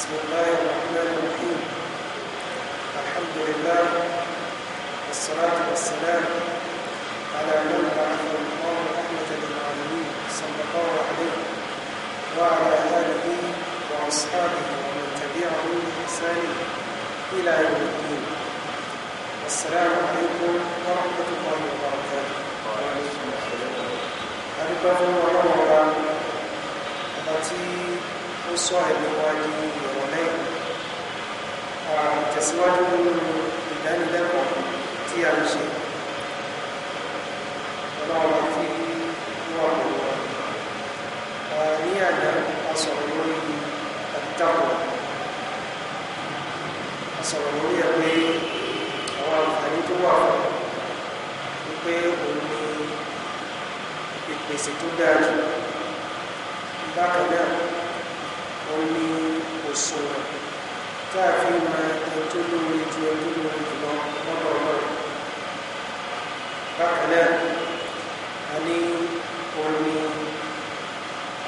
بسم الله الرحمن الرحيم الحمد لله والصلاة والسلام على من بعث الله رحمة للعالمين صلى الله عليه وعلى آله وأصحابه ومن تبعه بإحسان إلى يوم الدين السلام عليكم ورحمة الله وبركاته وعليكم السلام أرجو الله وبركاته صاحب الوادي ورمين تسواد الدان دقوة تيام شيء ونعم في نوع الله ونيانا أصرني التقوى أصرني أبي وأنفاني توافق wípé òun ni ìpèsè tó dáa jù bákan náà òun ni òṣùwọ̀n tá a fi mọ ẹni tó lóore ju ẹni tó lóore jù lọ lọ́dọ̀ ọlọ́run bákan náà a ní òun ni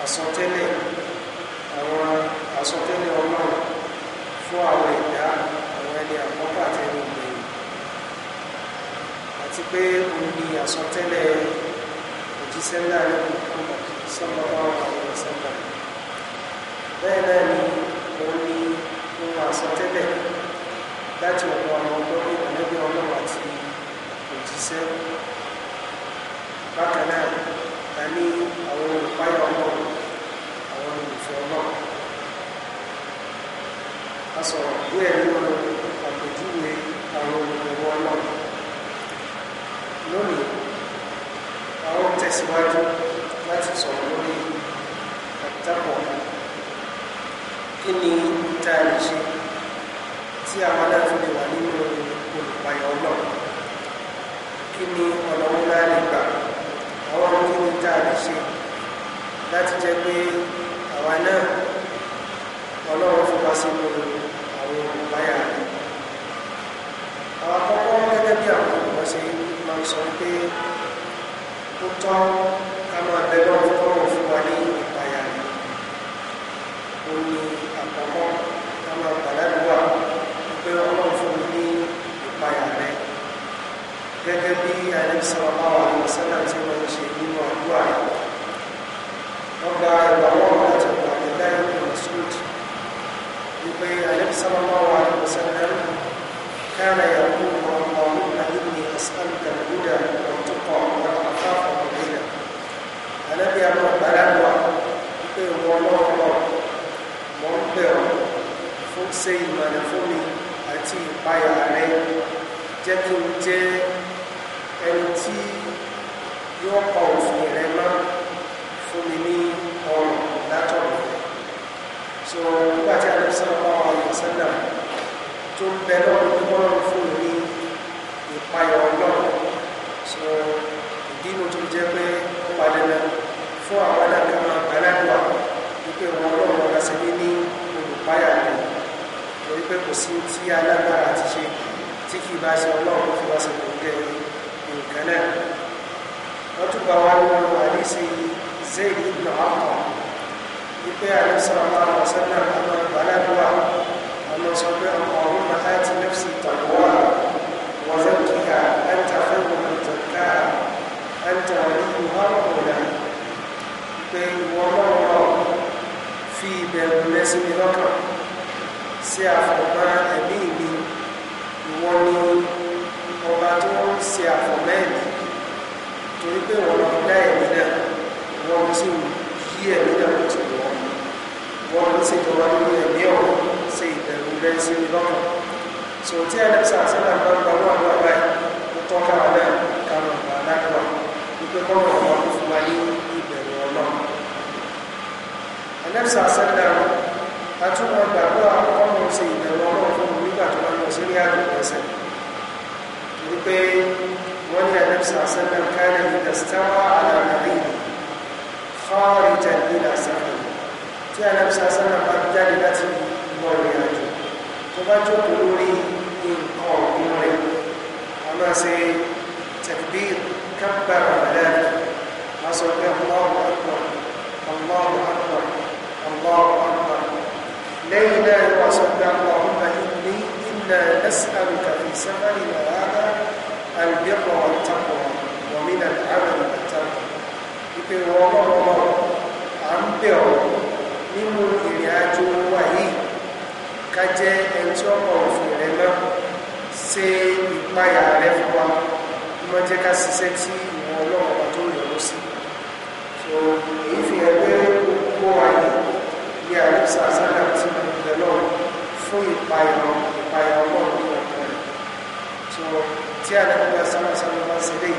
àsọtẹ́lẹ̀ àwọn àsọtẹ́lẹ̀ ọlọ́run fún àwọn ẹ̀dá àwọn ẹni àkọ́kọ́ àtẹnu ìgbẹ̀yìn àti pé òun àsọtẹ́lẹ̀ òjíṣẹ́ ńlá rẹ̀ sọ́mọ́ bá wà lọ́wọ́ sẹ́ńtà bẹ́ẹ̀ náà ni òun ni ohun àsọtẹ́lẹ̀ láti ọ̀pọ̀ àwọn ọlọ́bí ọ̀lẹ́bí ọlọ́run àti òjíṣẹ́ bákan náà a ní àwọn olùpáyà ọlọ́run àwọn olùfẹ́ ọlọ́run a sọ̀rọ̀ díẹ̀ nínú àpèjúwe àwọn olùgbòho ọlọ́run lónìí àwọn tẹ̀síwájú láti sọ̀rọ̀ lórí àtàkùn kí ni tá a lè ṣe tí àwọn náà fi lè wà nínú olùpayọ náà kí ni ọ̀nà wọn náà lè gbà àwọn ohun kí ni tá a lè ṣe láti jẹ́ pé àwa náà ọlọ́run fún wa sínú àwọn olùpayà rẹ̀ àwọn akọ́kọ́ gẹ́gẹ́ bí àwọn olùkọ́ ṣe máa ń sọ pé ó tọ́ ká máa bẹ lọ́wọ́ fún wa ní ìpayà rẹ̀ ó ní àkọ́kọ́ ká máa gbàdádùúwà pé ọlọ́run fún mi ní ìpayà rẹ gẹ́gẹ́ bí àìlẹ́bísọ̀rọ̀ báwa ní sẹ́lá tí wọ́n ń ṣe nínú àdúrà rẹ̀ wọ́n gba ẹ̀rọ àwọn láti wà ní láì ìpínlẹ̀ àti ìpayà rẹ jẹ́ kí n jẹ́ ẹni tí yóò kọ òfin rẹ mọ́ fún mi ní ọrùn látọ̀rọ̀ rẹ so nígbà tí alẹ́ sọ̀rọ̀ bá wà ní sẹ́nà tó ń bẹ lọ́rùn tó lọ́rùn fún mi ní ìpayà ọlọ́run so ìdí mo tó jẹ́ pé ó padà náà fún àwọn aláǹkà máa gbàládùn àwọn wípé wọn ọlọ́run ọ̀rọ̀ sí ní olùpáyà rẹ. torí pé kò sí tí alágbára ti ṣe tí kì í bá ṣe ọlọ́run ló fi wá sí gbòǹgẹ́ nǹkan náà wọ́n tún bá wá nínú àdíṣe zayd ibn ọkọ̀ wípé àdíṣọ́rọ̀ àwọn ọ̀sẹ́nà àwọn ìbálẹ́dúwà ọmọ sọ pé ọmọ ọ̀run máa ti nẹ́fṣì tàbíwà wọ́n fẹ́ kí a ẹ̀ńtà fẹ́ gbogbo tẹ̀ká ẹ̀ńtà orí ọ̀rọ̀ pé ìwọ ọlọ́run fi ìbẹ̀rù lẹ́sìn mi lọ́kàn ṣe àfọ̀mọ́ ẹ̀mí mi ìwọ ni ọba tó ń ṣe àfọ̀mọ́ ẹ̀mí torí pé wọ́n lọ dá ẹ̀mí náà wọ́n lọ sí yí ẹ̀mí náà lọ sí wọ́n wọ́n lọ sí ìjọba nínú ẹ̀mí ọ̀hún ṣe ìbẹ̀rù rẹ̀ sí mi lọ́kàn so tí ẹ̀dẹ́sà sílẹ̀ bá gba wọn lọ báyìí ó tọ́ka wọn náà kàwọn ọ̀gá adágbà wípé kọ́nà ọ̀gá fún wa ní ìbẹ̀rù ọlọ́run ẹ̀dẹ́sà sílẹ̀ àtúmọ̀ gbàdúrà ọmọ ṣe ìnáwó ọmọ fún mi nígbà tó máa lọ sórí àdó ẹsẹ̀ torí pé wọ́n ní àdẹ́bùsà sẹ́nà káàdì ìdàsítáwà àlàmàrí fáwọn ìjà ìlà sẹ́fẹ̀ tí àdẹ́bùsà sẹ́nà bá jáde láti lọ rìn àjò tó bá jókòó lórí nǹkan ọ̀gbìn rẹ̀ a máa ṣe takbir kábàrà àdáyé ليلى وصلى اللهم إني إنا نسألك في سفرنا هذا البر والتقوى ومن العمل التام ìpè wọ́n ọmọ à ń bẹ̀ ọ́ nínú ìrìn àjò wa yìí ká jẹ́ ẹni tí ọmọ òfin rẹ náà ṣe ìpayà rẹ fún wa mọ́ jẹ́ ká ṣiṣẹ́ tí ìwọ̀n ọlọ́run tó yọ̀ọ́ sí so èyí fi hàn pé gbogbo àyè ní àlùsà sálà tí fún ìpayọ̀ ìpayọ̀ ọlọ́run ní ọ̀pọ̀ rẹ̀ so tí a lẹ́gbẹ̀ẹ́ bá sọ́nà sọ́nà bá ń ṣe lé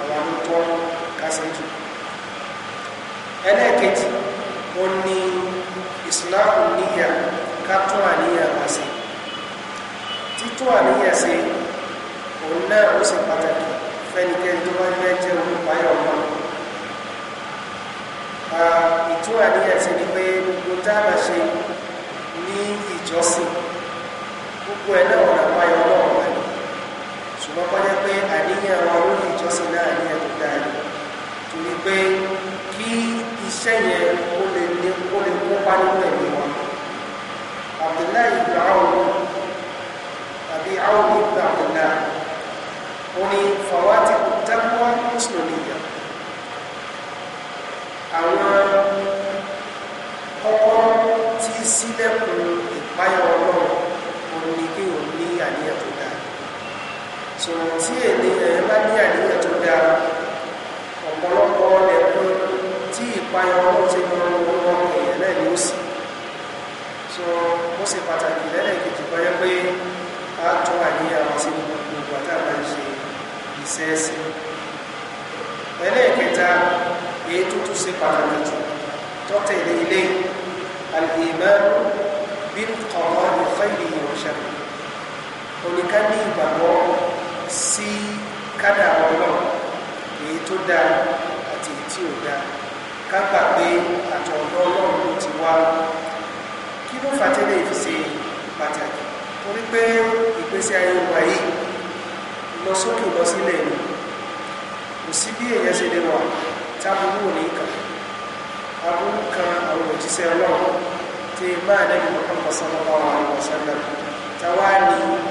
àwọn àlótọ́ kásẹ̀ jù ẹlẹ́ẹ̀kejì ó ní ìsìláàmù níyà ká tún àníyàn wá sí títún àníyàn sí òun náà ó sì pàtàkì fẹ́nikẹ́ni tó bá fẹ́ jẹ́ olùpayọ̀ ọlọ́run ni pé gbogbo tá a bá ìjọsìn gbogbo ẹ̀ náà wọ́n apáyọ ọlọ́run wà ní ṣùgbọ́n kọ́ jẹ́ pé àníyàn wa lórí ìjọsìn náà ní ẹ̀tọ́ dáa ni torí pé kí iṣẹ́ yẹn ó lè ní ó lè kópa nínú ẹ̀mí wa Abdullahi ibn Awf àbí Awf ibn Abdullah ó ní fawati taqwa muslimiyya àwọn kọ́kọ́rọ́ tí sílẹ̀kùn ìpáyọ̀ ọlọ́run òun ni pé òun ní àníyàn tó dáa so tí ènìyàn bá ní àníyàn tó dáa ọ̀pọ̀lọpọ̀ lẹ́kún tí ìpáyọ̀ ọlọ́run ti mọ ọmọ èèyàn náà ni ó sì so ó ṣe pàtàkì lẹ́lẹ́kejì bọ́yá pé a tún àníyàn wọn sí gbogbo àtàwọn ìṣe iṣẹ́ sí ẹlẹ́ẹ̀kẹta èyí tó tún ṣe pàtàkì jù tọ́tẹ̀lé ilé alìmọ́ بالقضاء خيره وشره oníkan ní ìgbàgbọ́ sí kádàrá Ọlọ́run èyí tó dáa àti èyí tí ò dáa ká gbà pé àtọ̀dọ̀ Ọlọ́run ló ti wá kí ló fàtẹ́lẹ̀ fi ṣe pàtàkì torí pé ìgbésí ayé wa yìí lọ sókè lọ sílẹ̀ ni kò sí bí èèyàn ṣe lè wà táburú ò ní kàn kan àwọn òjíṣẹ́ Ọlọ́run tí máa nẹ́bí Muhammad sallallahu alaihi wasallam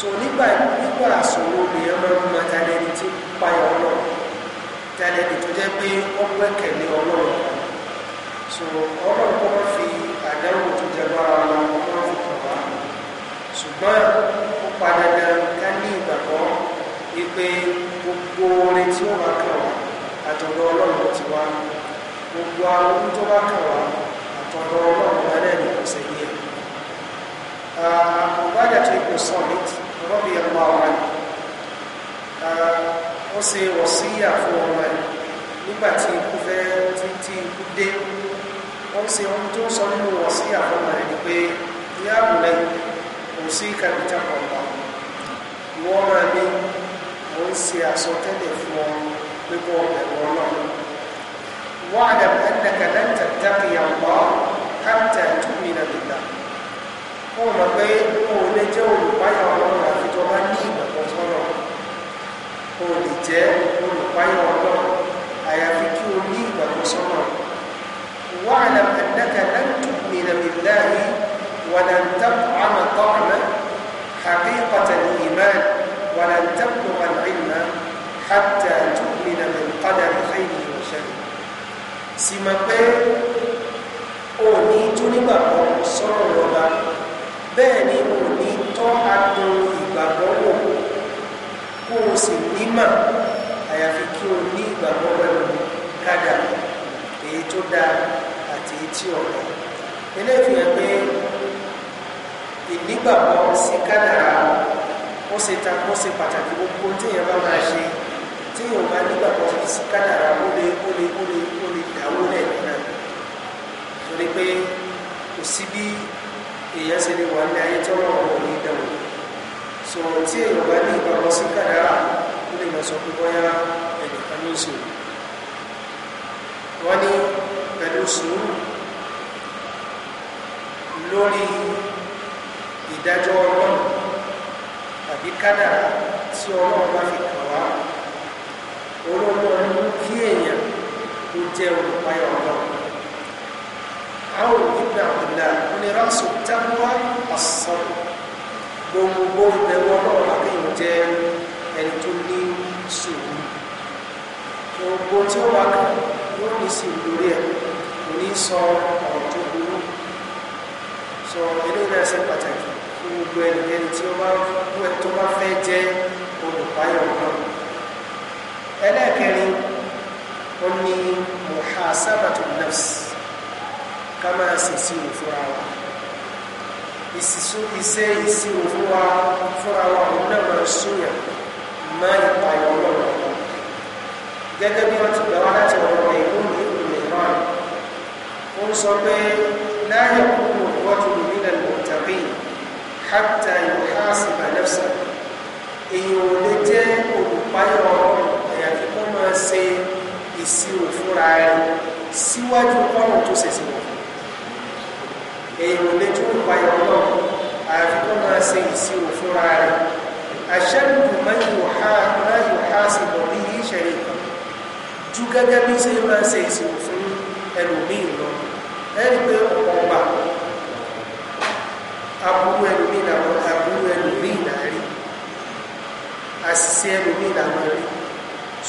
so nígbà nígbà sọ̀rọ̀ lèèyàn máa ń mọ tàlẹ́ni tí payọ̀ ọlọ́run tàlẹ́ni tó jẹ́ pé so ọlọ́run kọ́ máa fi àdánwò tó jẹ bára wọn ọlọ́run fi kàn wá ṣùgbọ́n ó padà dán ká ní ìgbàgbọ́ wípé gbogbo orin tí ó ọ̀dọ̀ ọlọ́run bá náà ní ọ̀sẹ̀ yìí ọ̀bájà tó kò sọ̀mìtì rọ́bì ọmọ ọmọ rẹ̀ ó ṣe wọ̀síyà fún ọmọ rẹ̀ nígbà tí ikú fẹ́ títí ikú dé ó ṣe ohun tó sọ nínú wọ̀síyà àsọtẹ́lẹ̀ fún ọ pé kó ọlọ́run واعلم أنك لن تتقي الله حتى تؤمن بالله قوم بين قول جو بايع الله في تماني وصلاة قول جاء قول بايع الله أيا في كوني وصلاة واعلم أنك لن تؤمن بالله ولن تطعم طعم حقيقة الإيمان ولن تبلغ العلم حتى تؤمن بالقدر خيره sì mọ̀ pé ò ní tú nígbàgbọ́ sọ̀rọ̀ lọ́ba bẹ́ẹ̀ ni ò ní tọ́ adùn ìgbàgbọ́ wò kó o sì nímà àyàfi kí o ní ìgbàgbọ́ pẹ̀lú kádà èyí tó dáa àti èyí tí ò dáa eléyìí fi hàn pé ìnígbàgbọ́ sí kádàrá ó ṣe ta ó ṣe pàtàkì gbogbo tí èèyàn bá máa ṣe tí yóò bá nígbàgbọ́ sí kádàrà ó lè ó lè ó lè ó lè dáwó lẹ́ẹ̀kan náà torí pé kò sí bí èèyàn ṣe lè wà ní ayé tọ́lọ́ ọ̀rọ̀ ní ìdánwò sọ̀rọ̀ tí èèyàn bá ní ìgbàgbọ́ sí kádàrà ó lè mọ̀ sọ pé bóyá ẹnìkan ló ṣe wọ́n ní pẹ̀lú sùúrù lórí ìdájọ́ ọlọ́run tàbí kádàrà tí ọlọ́run bá fi kàn wá olóńgbò mú kí èèyàn kó jẹ́ olùpayà ọlọ́run àwọn ìbí àbúlá onírànṣọ tábúwá àṣọ gbogbo ìbẹ̀wọ̀ ọlọ́run lákẹ́yìn jẹ́ ẹni tó ní sùúrù gbogbo tí ó wà kàn yóò ní sí lórí ẹ̀ kò ní sọ ọ̀rọ̀ tó burú sọ eléyìí náà ṣe pàtàkì fún gbogbo ẹnikẹ́ni tí ó bá fẹ́ jẹ́ olùpayà ọlọ́run ẹlẹ́ẹ̀kẹrin ó ní muhasabatu nafs ká máa ṣèṣì wò fúnra wa ìṣìṣú iṣẹ́ ìṣirò fúnra fúnra wa òun náà máa ṣúyàn má ìpayọ ọlọ́run gẹ́gẹ́ bí wọ́n ti gbà wá láti ọ̀rọ̀ ìlú ní ìmìíràn ó ń sọ pé láyé kúrò wọ́tò nílẹ̀ lọ́tàbí hátà ìwòhásìbà nafsa èyí ò lè jẹ́ olùpayọ ọlọ́run máa ṣe ìṣirò fúnra ẹni síwájú kọ́nà tó ṣẹ̀ṣẹ̀ wọ̀ èèyàn lè tún ìpayọ̀ náà àyàfi kó máa ṣe ìṣirò fúnra rẹ̀ àṣẹ́lù mẹ́yìn ha sí bọ̀ ní ìṣẹ̀lẹ̀ ju gẹ́gẹ́ bí ṣe máa ṣe ìṣirò fún ẹlòmíì lọ ẹni pé ọba aburú ẹlòmíì làwọn aburú ẹlòmíì làárí àṣìṣe ẹlòmíì làwọn rí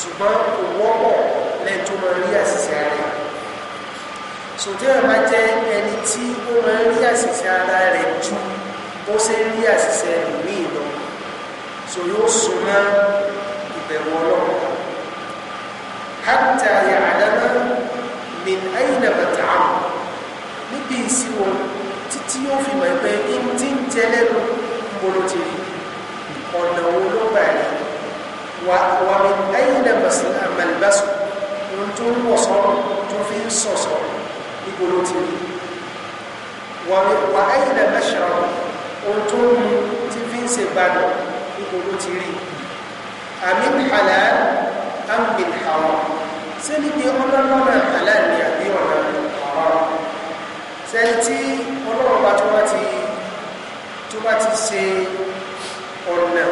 ṣùgbọ́n kò wọ́pọ̀ lẹ́yìn tó máa rí àṣìṣe ara sòtẹ́ ẹ̀ máa jẹ́ ẹni tí ó máa rí àṣìṣe ara rẹ̀ ju bó ṣe rí àṣìṣe ẹlòmíì lọ so yóò súnmọ́ ìbẹ̀wò ọlọ́run hatta ya'lama min aina mata'am níbi ìsíwọ títí yóò fi mọ̀ ẹgbẹ́ ní tí ń tẹ́lẹ́nu mbolo ti rí ọ̀nà wo ló bàrí ومن أين ملبسه أنتم وصلوا تفين صوصوا بقلوتهم وأين مشربه أنتم تفين سبانه بقلوتهم أمن حلال أم من حرام سيدي أمرنا حلال يعني ولا حرام سيدي أمرنا tó bá ti ṣe ọ̀nà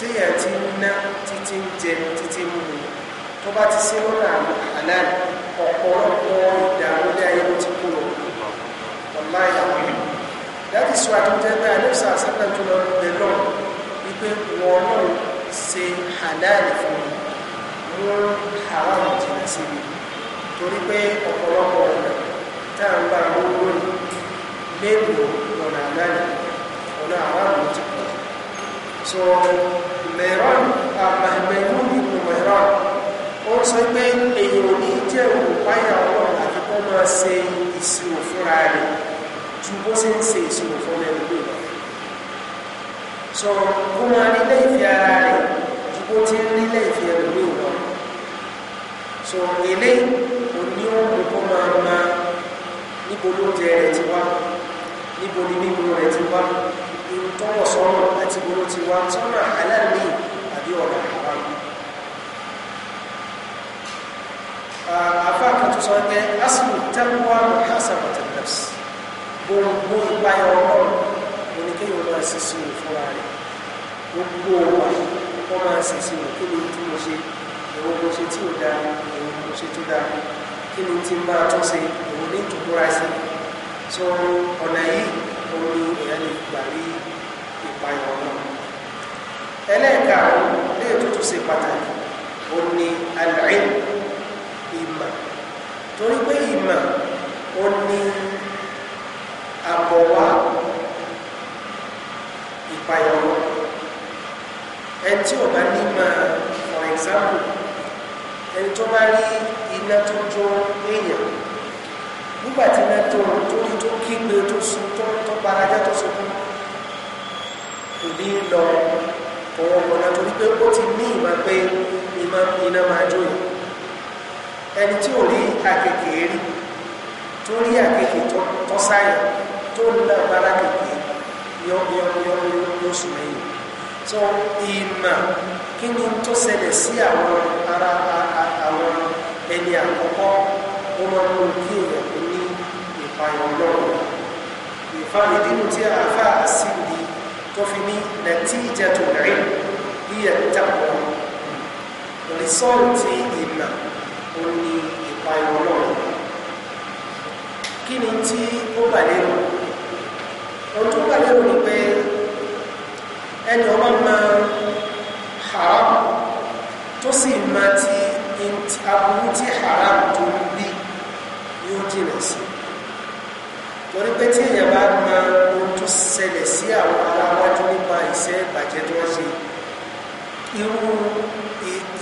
téèyàn ti ń ná títí ń jẹ títí ń mu tó bá ti ṣe lọ́nà àlàyé ọ̀pọ̀lọpọ̀ ìdààmú ní ayé ló ti kúrò ọ̀la ìyàwó láti sọ àtúntẹ́ pé àlẹ́sà sábà tó lọ bẹ̀ lọ wípé wọn náà ṣe àlàyé fún mi mú haram jìnnà sí mi torí pé ọ̀pọ̀lọpọ̀ ọ̀nà tá à ń gbà lórí lẹ́nu ọ̀nà àlàyé ọ̀nà haram ló ti so mẹ́rán àmàmẹ́rún ìlú mẹ́rán ó ń sọ pé èyí ò ní jẹ́ òpáyà ọlọ́run àti kọ́ máa ṣe ìṣirò fúnra rẹ̀ ju bó ṣe ń ṣe ìṣirò fún ẹni pé lọ so kó máa nílé ìfẹ́ ara rẹ̀ ju bó ti ń nílé ìfẹ́ ẹni pé lọ so eléyìí kò ní òun kó máa máa níbo ló jẹ rẹ̀ ti wá níbo ni mímu rẹ̀ ti wá tọwọ́ sọ́nà àti gbogbo ti wá sọ́nà aláàmì àbí ọ̀nà àwọn àfáà kan tó sọ pé asìlù tẹ́wọ́ muhasabatu nafs gbogbo ìpayà ọlọ́run oníkéyìn máa ṣe sí ìfúnra rẹ̀ gbogbo wa wọ́n máa ṣe sí ìwọ̀n kí ni tí mo ṣe ìwọ̀n mo ṣe tí ò dáa ìwọ̀n mo ṣe tó dáa kí ni tí máa tún ṣe ìwọ̀n ní ìtòkúra sí so ọ̀nà yìí òun ni èèyàn lè gbà rí ìpayọ̀ náà ẹlẹ́ẹ̀kaàrún lè tuntun ṣe pàtàkì ó ní alẹ́ ìmọ̀ torí pé ìmọ̀ ó ní àbọ̀wá ìpayọ̀ náà ẹni tí ò bá ní mọ̀ for example ẹni tó bá rí iná tó jó èèyàn nígbà tí iná tó rí tó kígbe tó sun tó parajá tó sunkún kò ní lọ ọwọ́ ọ̀nà torí pé ó ti ní ìmọ̀ pé ìmọ̀ iná máa jó yìí ẹni tí ò rí àkèké rí tó rí àkèké tó sáyà tó nà bára kèké yọ́yọ́yọ́yọ́ sùn lẹ́yìn so ìmọ̀ kí ni tó ṣẹlẹ̀ sí àwọn ara àwọn ẹni àkọ́kọ́ ó máa ń mú kí èèyàn kò ní ìpayọ̀ lọ́wọ́ ìfàlídínú tí àáfàá sì ní tó fi ní natijatul ilm hiya taqwa rìsọ́ọ̀tì ìmọ̀ ó ní ipa ìwọlọ́rọ̀ kí ni tí ó bà lérò ohun tó bà ni pé ẹni ọmọ máa haram tó sì máa ti aburú tí haram tó ń yóò jìnà sí i torí pé tí èèyàn bá mọ ohun tó ṣẹlẹ̀ sí àwọn aláwájú nípa iṣẹ́ ìbàjẹ́ tó ń ṣe irú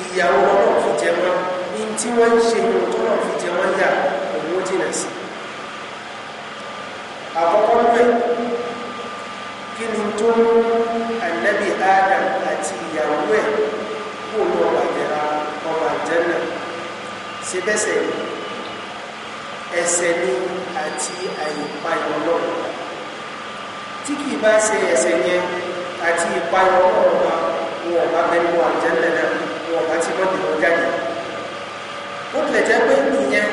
ìyàwó ọlọ́run fi jẹ wọn ní tí wọ́n ń ṣe ohun tó lọ́run fi jẹ wọ́n yà òun ó jìnà sí àkọ́kọ́ pé kí ni tó ń ànábì Adam àti ìyàwó ẹ̀ kó lọ bàjẹ́ra ọmọ àjẹ́ náà ṣe bẹ́sẹ̀ ẹsẹ̀ ni àti àìpayọ ọlọ́run tí kì í bá ṣe ẹ̀ṣẹ̀ yẹn àti ìpayọ ọlọ́run wa wọn ọba bẹnu àjẹlẹ náà wọn ọba tí wọn dìbò jáde ó tilẹ̀ jẹ́ pé ìyẹn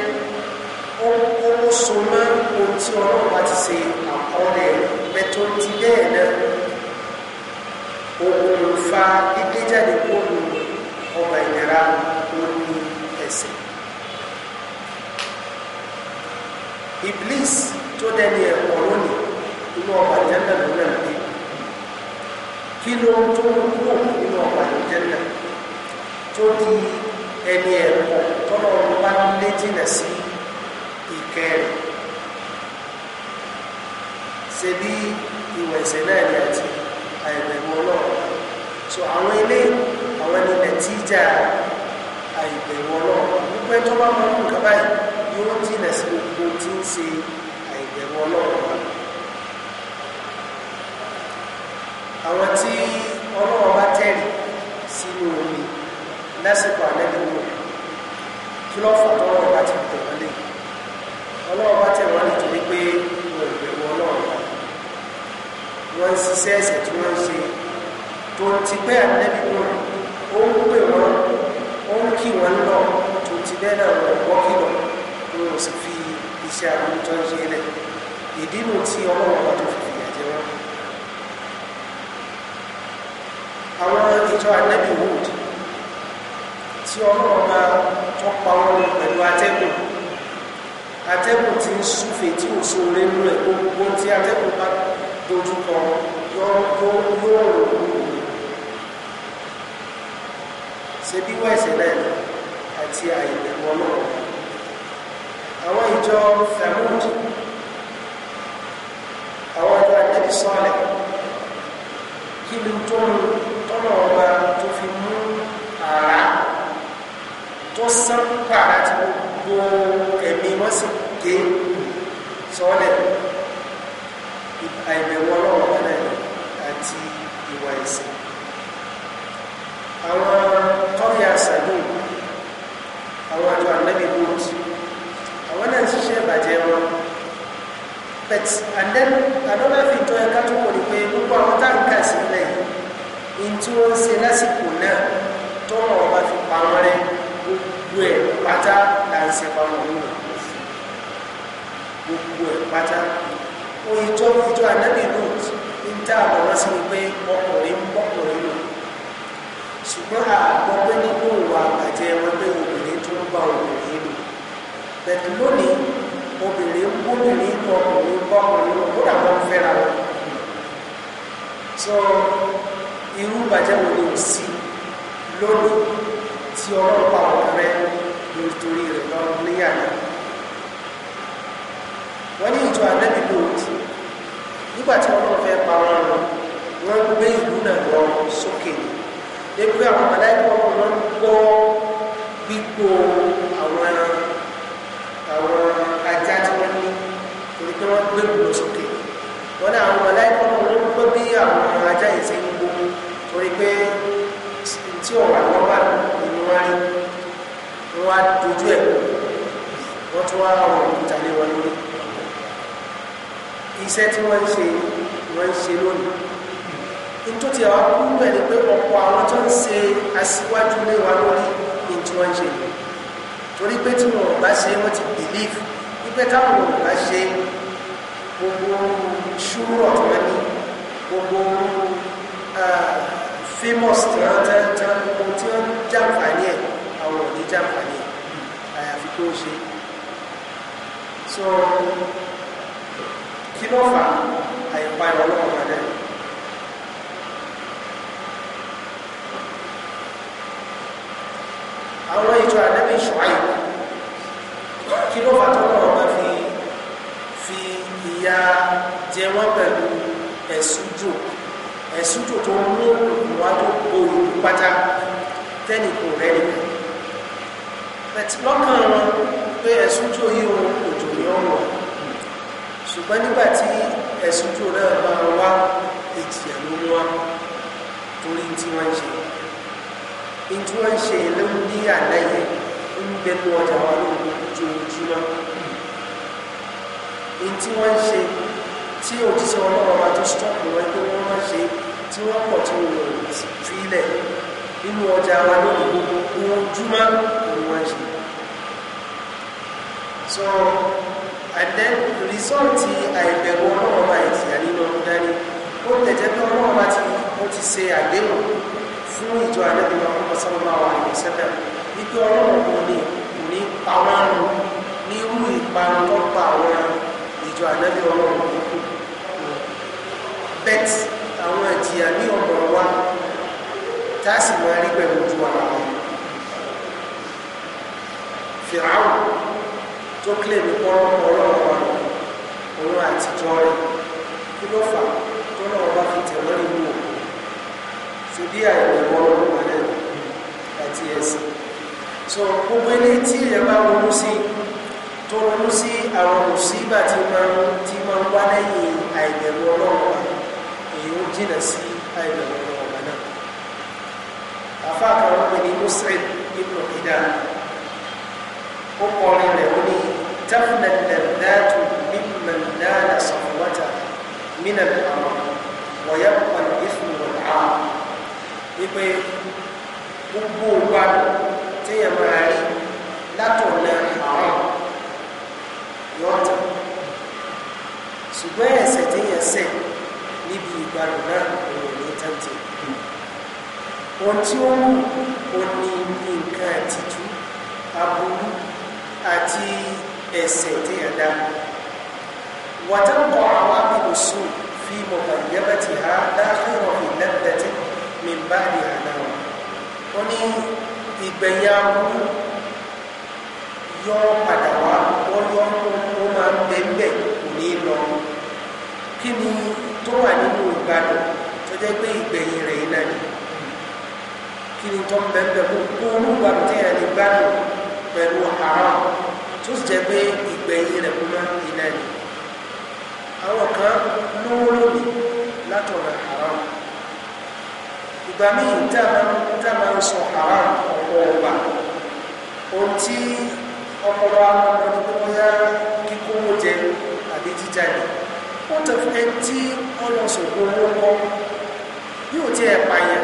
ó ó so mọ́ ohun tí ọlọ́run wa ti ṣe àkọọ́lẹ̀ pẹ̀tọ́ ti bẹ́ẹ̀ náà òun fa gbígbé jáde kó lu ọba ìnira ó ní ẹ̀ṣẹ̀. iblis tó dẹni ẹ̀kọ́ lónìí inú ọba jẹ́nà ló náà dé kí ló ń tó ń kúrò nínú ọba jẹ́nà tó di ẹni ẹ̀kọ́ tọ́lọ́ ọba lé jìnà sí ìkẹrẹ̀ ṣe bí ìwẹ̀ ẹ̀sẹ̀ náà ni àti àìbẹ̀wò ọlọ́run so àwọn ilé àwọn ẹni nàìjíríà àìbẹ̀rù ọlọ́run wípé tó bá mọ nǹkan báyìí yóò jìnà sí gbogbo tí ń ṣe àìbẹ̀rù ọlọ́run àwọn tí ọlọ́run bá tẹ̀lé sínú omi lásìkò àlẹ́dínwó kí ló fà tọ́rọ ọba ti tẹ̀ wọ́n lé ọlọ́run bá tẹ̀ wọ́n lé torí pé wọn ò bẹ̀rù ọlọ́run wọn ń ṣiṣẹ́ ẹ̀sẹ̀ ṣe tó ti pẹ́ àlẹ́dínwó ó ń pè wọ́n ó ń kí wọn lọ tó ti bẹ́ẹ̀ náà wọ́n gbọ́ kìlọ̀ wọn ò sì fi iṣẹ́ àwọn tó ń ṣe lẹ̀ ìdí nù tí ọlọ́run bá tó fi fìyà jẹ wọn. àwọn ìjọ anẹ́bí wood tí ọlọ́run bá tó pa wọn pẹ̀lú atẹ́gùn atẹ́gùn ti ń súfè tí ò sóore nínú ẹ̀ gbogbo tí atẹ́gùn bá dojú kọ yóò yóò rò ó ṣe bí wọ́n ẹ̀ṣẹ̀ náà àti àìbẹ̀wọ̀ náà àwọn ìjọ Thamud àwọn ọ̀dọ́ àjẹ́bí sọ́ọ̀lẹ̀ kí ni tó ń tọ́nà ọba tó fi mú àrá tó sán pàrà tí gbogbo ẹ̀mí wọ́n sì gé sọ́ọ̀lẹ̀ àìbẹ̀wọ̀ náà àti ìwà ẹ̀ṣẹ̀ àwọn àdó àwọn àjọ ànábì bóòt àwọn náà ṣiṣẹ́ ìbàjẹ́ wọn but and then another thing tó yẹ ká tó kọ ni pé gbogbo àwọn táǹkà sílẹ̀ in tí wọ́n ń ṣe lásìkò náà tó wọn ọba fi pamọ́ rẹ gbogbo ẹ̀ pátá là ń ṣe pamọ́ nínú gbogbo ẹ̀ pátá oyin tó ìjọ ànábì bóòt ń tá àwọn ọmọ sí ni pé ọkùnrin mú ṣùgbọ́n àgbọ̀ pé nínú ìwà àgbàjẹ́ wọn pé obìnrin tó ń bá obìnrin lò bẹ̀tù lónìí obìnrin obìnrin kọ ọkùnrin bá ọkùnrin lò kódà wọn fẹ́ra wọn so irú ìbàjẹ́ wo ló sí lónìí tí ọlọ́pàá ọ̀rẹ́ nítorí rẹ̀ lọ níyàrá wọ́n ní ìjọ ànábì lòdì nígbà tí wọ́n fẹ́ pa wọn lọ wọ́n gbé ìlú náà lọ sókè ni ẹgbẹ́ àwọn màláíkà wọn máa ń gbọ́ gbígbó àwọn àwọn ajá tí wọ́n ní torí pé wọ́n gbé gbòòrò sókè wọ́n ní àwọn màláíkà wọn máa ń gbọ́ bí àwọn ajá yìí ṣe ń gbó torí pé tí ọ̀wà wọn bá nínú wá rí wọ́n wá dojú ẹ̀ wọ́n tún wá ọ̀rọ̀ òkúta lé wọn lórí iṣẹ́ tí wọ́n ń ṣe wọ́n ń ṣe lónìí tó ti àwọn kú bẹ̀ ni pé ọ̀pọ̀ àwọn tó ń ṣe aṣíwájú lé wa lórí ní tí wọ́n ṣe torí pé tí wọn ò bá ṣe wọ́n ti believe wípé táwọn ò bá ṣe gbogbo ṣúrọ̀ tí wọ́n ní gbogbo famous tí wọ́n tẹ́ tí wọ́n tí wọ́n jàǹfààní ẹ̀ àwọn ò jàǹfààní ẹ̀ àyàfi kó ṣe so kí ló fà àìpa ìrọ̀lọ́wọ́ padà yìí. àwọn ìjọ ànábì ṣùáì kí ló fà tọ́lọ̀ ọmọ fi fi ìyà jẹ wọ́n pẹ̀lú ẹ̀sùjò ẹ̀sùjò tó mú òkùnkùn wá tó bo òkùnkùn pátá tẹ́nì kò rẹ́ni bẹ̀tí lọ́kàn wọn pé ẹ̀sùjò yìí wọn òjò ní ọ̀rọ̀ ṣùgbọ́n nígbà tí ẹ̀sùjò náà máa wá ìjìyà ló wá torí tí wọ́n ń ṣe ntí wọ́n ń ṣe lẹ́wọ́n ní àdáyé ń bẹnu ọjà wọn lóhùn ojoojúmọ́ ntí wọ́n ń ṣe tí òjíṣẹ́ ọlọ́run bá tó stọ́ọ̀pù wọn pé wọ́n máa ṣe tí wọ́n pọ̀ tí wọ́n fi ilẹ̀ nínú ọjà wọn lóhùn gbogbo ojoojúmọ́ ni wọ́n ṣe. so and then rìsọ́ọ̀tì àìbẹ̀wò ọlọ́run bá ìtìyà nínú ọdún dání ó tẹ̀jẹ́ pé ọlọ́run bá ti ṣe àgbéwọ̀n fún ìjọ àdẹ́bíwá ọmọ sọ́lọ́wọ́ àwọn ìṣẹ́lẹ̀ wípé ọlọ́run kò ní kò ní pa wọ́n rún ní irú ìparun tó pa àwọn ìjọ àdẹ́bíwá ọlọ́run kò kú bet àwọn ìjìyà ní ọmọ wa tá a sì máa rí pẹ̀lú ojú wa làwọn fìràwù tó kílè ní pọ́nrọ́ ọlọ́run wa òun àtijọ́ rẹ̀ kí ló fà tó náà wá fi tẹ̀wọ́n nínú òun so bí àìgbàgbọ́ ọlọ́run alẹ́ àti ẹ̀sìn so gbogbo ilé tí èèyàn bá ronú sí tó ronú sí àwọn mùsíbà tí máa ń tí máa ń wá lẹ́yìn àìgbàgbọ́ ọlọ́run wa èyí ó jìnà sí àìgbàgbọ́ ọlọ́run wa náà àfa kan wọn pè ní muslim nínú ìdá ó kọrin rẹ̀ ó ní tafna nàdàtù mimman nana sọfọwọta mínà àwọn ìfúnwọ̀n àwọn wípé gbogbo ìgbàdùn téèyàn máa rí látọ̀nà àwọn yọ̀ọ̀tà ṣùgbọ́n ẹ̀ṣẹ̀ téèyàn ṣẹ̀ níbi ìgbàdùn náà òun ní tàǹtì ohun tí ó mú òní nǹkan àtìjú aburú àti ẹ̀ṣẹ̀ téèyàn dá wàtẹ́kọ̀ọ́ àwọn abìlùsùn fi mọ̀gbàyẹ́bẹ̀tì ha dáhùn ìlẹ́bẹ̀tì min ba'di àdáwà ó ní ìgbẹ̀yà burú yọ padà wá ó yọ ó máa ń bẹ bẹ́ẹ̀ kò ní lọ kí ni tó wà nínú ìgbàdùn tó jẹ́ pé ìgbẹ̀yìn rẹ̀ iná ni kí ni tó ń bẹ bẹ́ẹ̀ kó kó olúwa tí a lè gbádùn pẹ̀lú haram tó sì jẹ́ pé ìgbẹ̀yìn rẹ̀ kó máa ń iná ni àwọn kan lówó lónìí látọ̀nà haram ìgbà míì tá a máa ń sọ haram ọ̀pọ̀ ọ̀gbà ohun tí ọpọlọ àwọn ọmọ ẹni tó yá kíkówó jẹ àbí jíjà ni ó tẹ fún ẹni tí wọn lọ sọgbọn owó kọ yóò tí ẹ pààyàn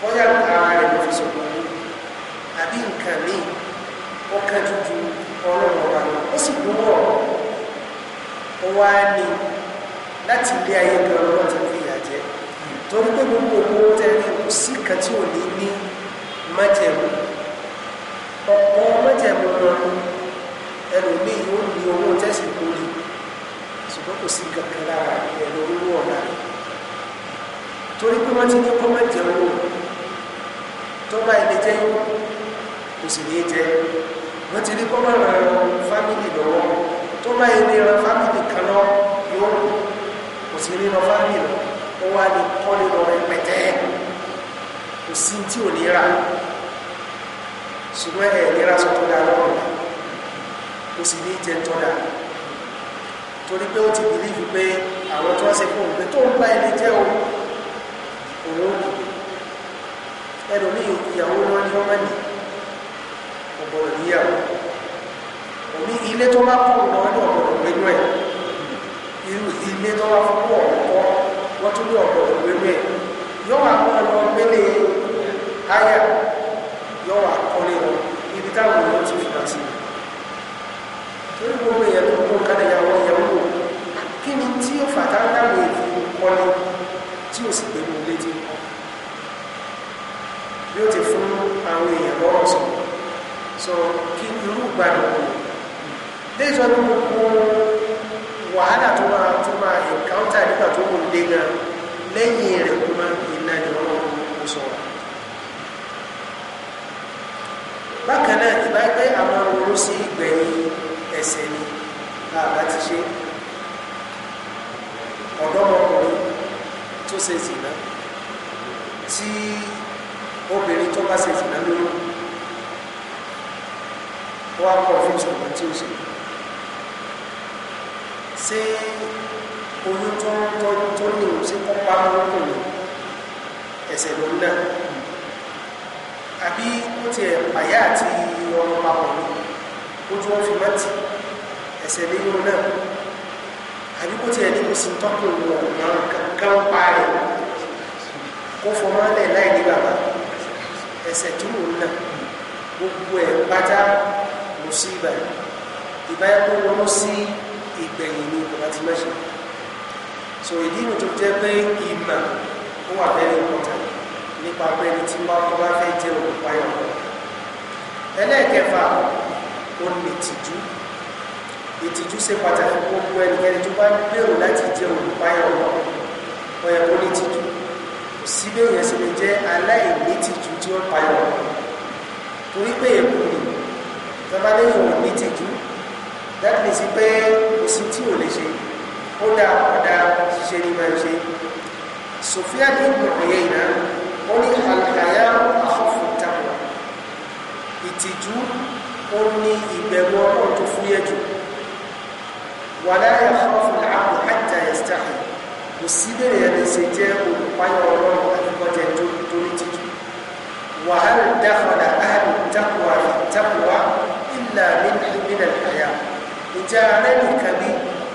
bóyá ara rẹ ló fi sọgbọn owó àbí nǹkan míì ọkàn dúdú ọlọ́run ọba ó sì gbowó ọ̀rọ̀ ó wá ní láti ilé ayé gan ọlọ́run ti torí pé gbogbo owó tẹ́lẹ̀ kò sí kan tí ò ní ní májẹ̀mú ọ̀pọ̀ májẹ̀mú wọn ẹlòmíì ó ní owó tẹ́sí lórí ṣùgbọ́n kò sí kankan lára ẹ̀rọ owó ọ̀la torí pé wọ́n ti ní kọ́ májẹ̀mú tó bá ilé jẹ́ kò sì ní jẹ́ wọ́n ti ní kọ́ máa ran fámìlì lọ́wọ́ tó bá ilé ran fámìlì kan lọ kò sì ní ran fámìlì lọ́wọ́ ó wá lè kọ́lé lọ rẹ pẹ̀tẹ́ kò sí tí ò ní ra ṣùgbọ́n ẹ̀ ní ra sọ tó dáa lọ́rùn kò sì ní jẹ tó dáa torí pé ó ti bìlífù pé àwọn tó wá ṣe fún òun pé tó ń bá ẹni jẹ́ òun òun ẹlòmíì ìyàwó lọ ní ọmọ ní ọ̀bọ̀ ìyàwó òní ilé tó bá kọ̀ lọ́wọ́ ní ọ̀bọ̀ ẹ̀ irú ilé tó bá fún ọ̀pọ̀ wọ́n tún ní ọ̀gbọ̀dọ̀ gbélé ẹ̀ yọ́wọ́ àpọ̀lọ gbélé háyà yọ́wọ́ àkọlé wọn ibi táwọn èèyàn ti fìlà sí torí gbogbo èèyàn tó kó kálẹ̀ yàwó ìyàwó kí ni tí ó fà táwọn èèyàn kọ́lé tí ó sì gbẹ̀mú létí bí ó ti fún àwọn èèyàn lọ́rọ̀ sọ sọ kí irú gbàdùn lẹ́sọ̀ọ́ ní gbogbo wàhálà tó máa tó máa ẹ̀káńtà nígbà tó kò dé gan lẹ́yìn rẹ̀ kó máa iná ni wọ́n kò sọ. bákan náà ìbá àwọn ọmọ sí ìgbẹ̀yìn ẹsẹ̀ ni àbá ti ṣe ọ̀dọ́mọkùnrin tó ṣe zìnà tí obìnrin tó bá ṣe zìnà lórí wọ́n á kọ̀ fún ìṣòro tí ó ṣe ṣé oyún tó ń tọ́jú tó ní òun ṣe kó pa wọn kò ní ẹsẹ̀ ló ń dà àbí ó ti ẹ̀ pàyà àti ọmọ papọ̀ ní ó tún fi má ti ẹsẹ̀ lé yóò náà àbí ó ti ẹ̀ ní kò sí tọ́kù ọ̀gbọ̀n kankan pa rẹ̀ kó fọmọ́ lẹ̀ láì ní bàbá ẹsẹ̀ tó ń náà gbogbo ẹ̀ pátá lọ sí ìbàdàn ìbáyẹ̀ kó wọnú sí ìgbẹ̀yìn ní kò bá ti mẹ́ṣẹ̀ so ìdí inú tó jẹ́ pé ìmọ̀ ó wà very important nípa pé ẹni tí wọ́n bá fẹ́ jẹ́ olùpáyọ̀ ẹlẹ́ẹ̀kẹfà ó ní ìtìjú ìtìjú ṣe pàtàkì gbogbo ẹnikẹ́ni tó bá gbèrò láti jẹ́ olùpáyọ̀ ó yẹ kó ní ìtìjú kò sí bí èèyàn jẹ́ aláìní ìtìjú tí ó payọ̀ torí pé èkó ni tọ́ba lẹ́yìn òní ìtìjú that means pé kò sí tí ò lè ṣe ó dá ọ̀dá ṣiṣẹ́ ní máa ṣe sofia ní ìgbọ̀nyẹ iná ó ní àlàyé àfọ̀fọ̀ tàwọn ìtìjú ó ní ìbẹ̀rù ọ̀rọ̀ tó fúyẹ́ jù wà láyé àfọ̀fọ̀ àbò àjà ẹ̀sítàkì kò sí bẹ̀rẹ̀ ẹni ṣe jẹ́ olùpáyọ̀ ọlọ́run àfikọ́jẹ tó ní tìjú wàhálà dáfọ̀dà àhàlù tàkùwà tàkùwà ìlà ìbílẹ̀ àyà ìjà rẹ̀ nìkan bí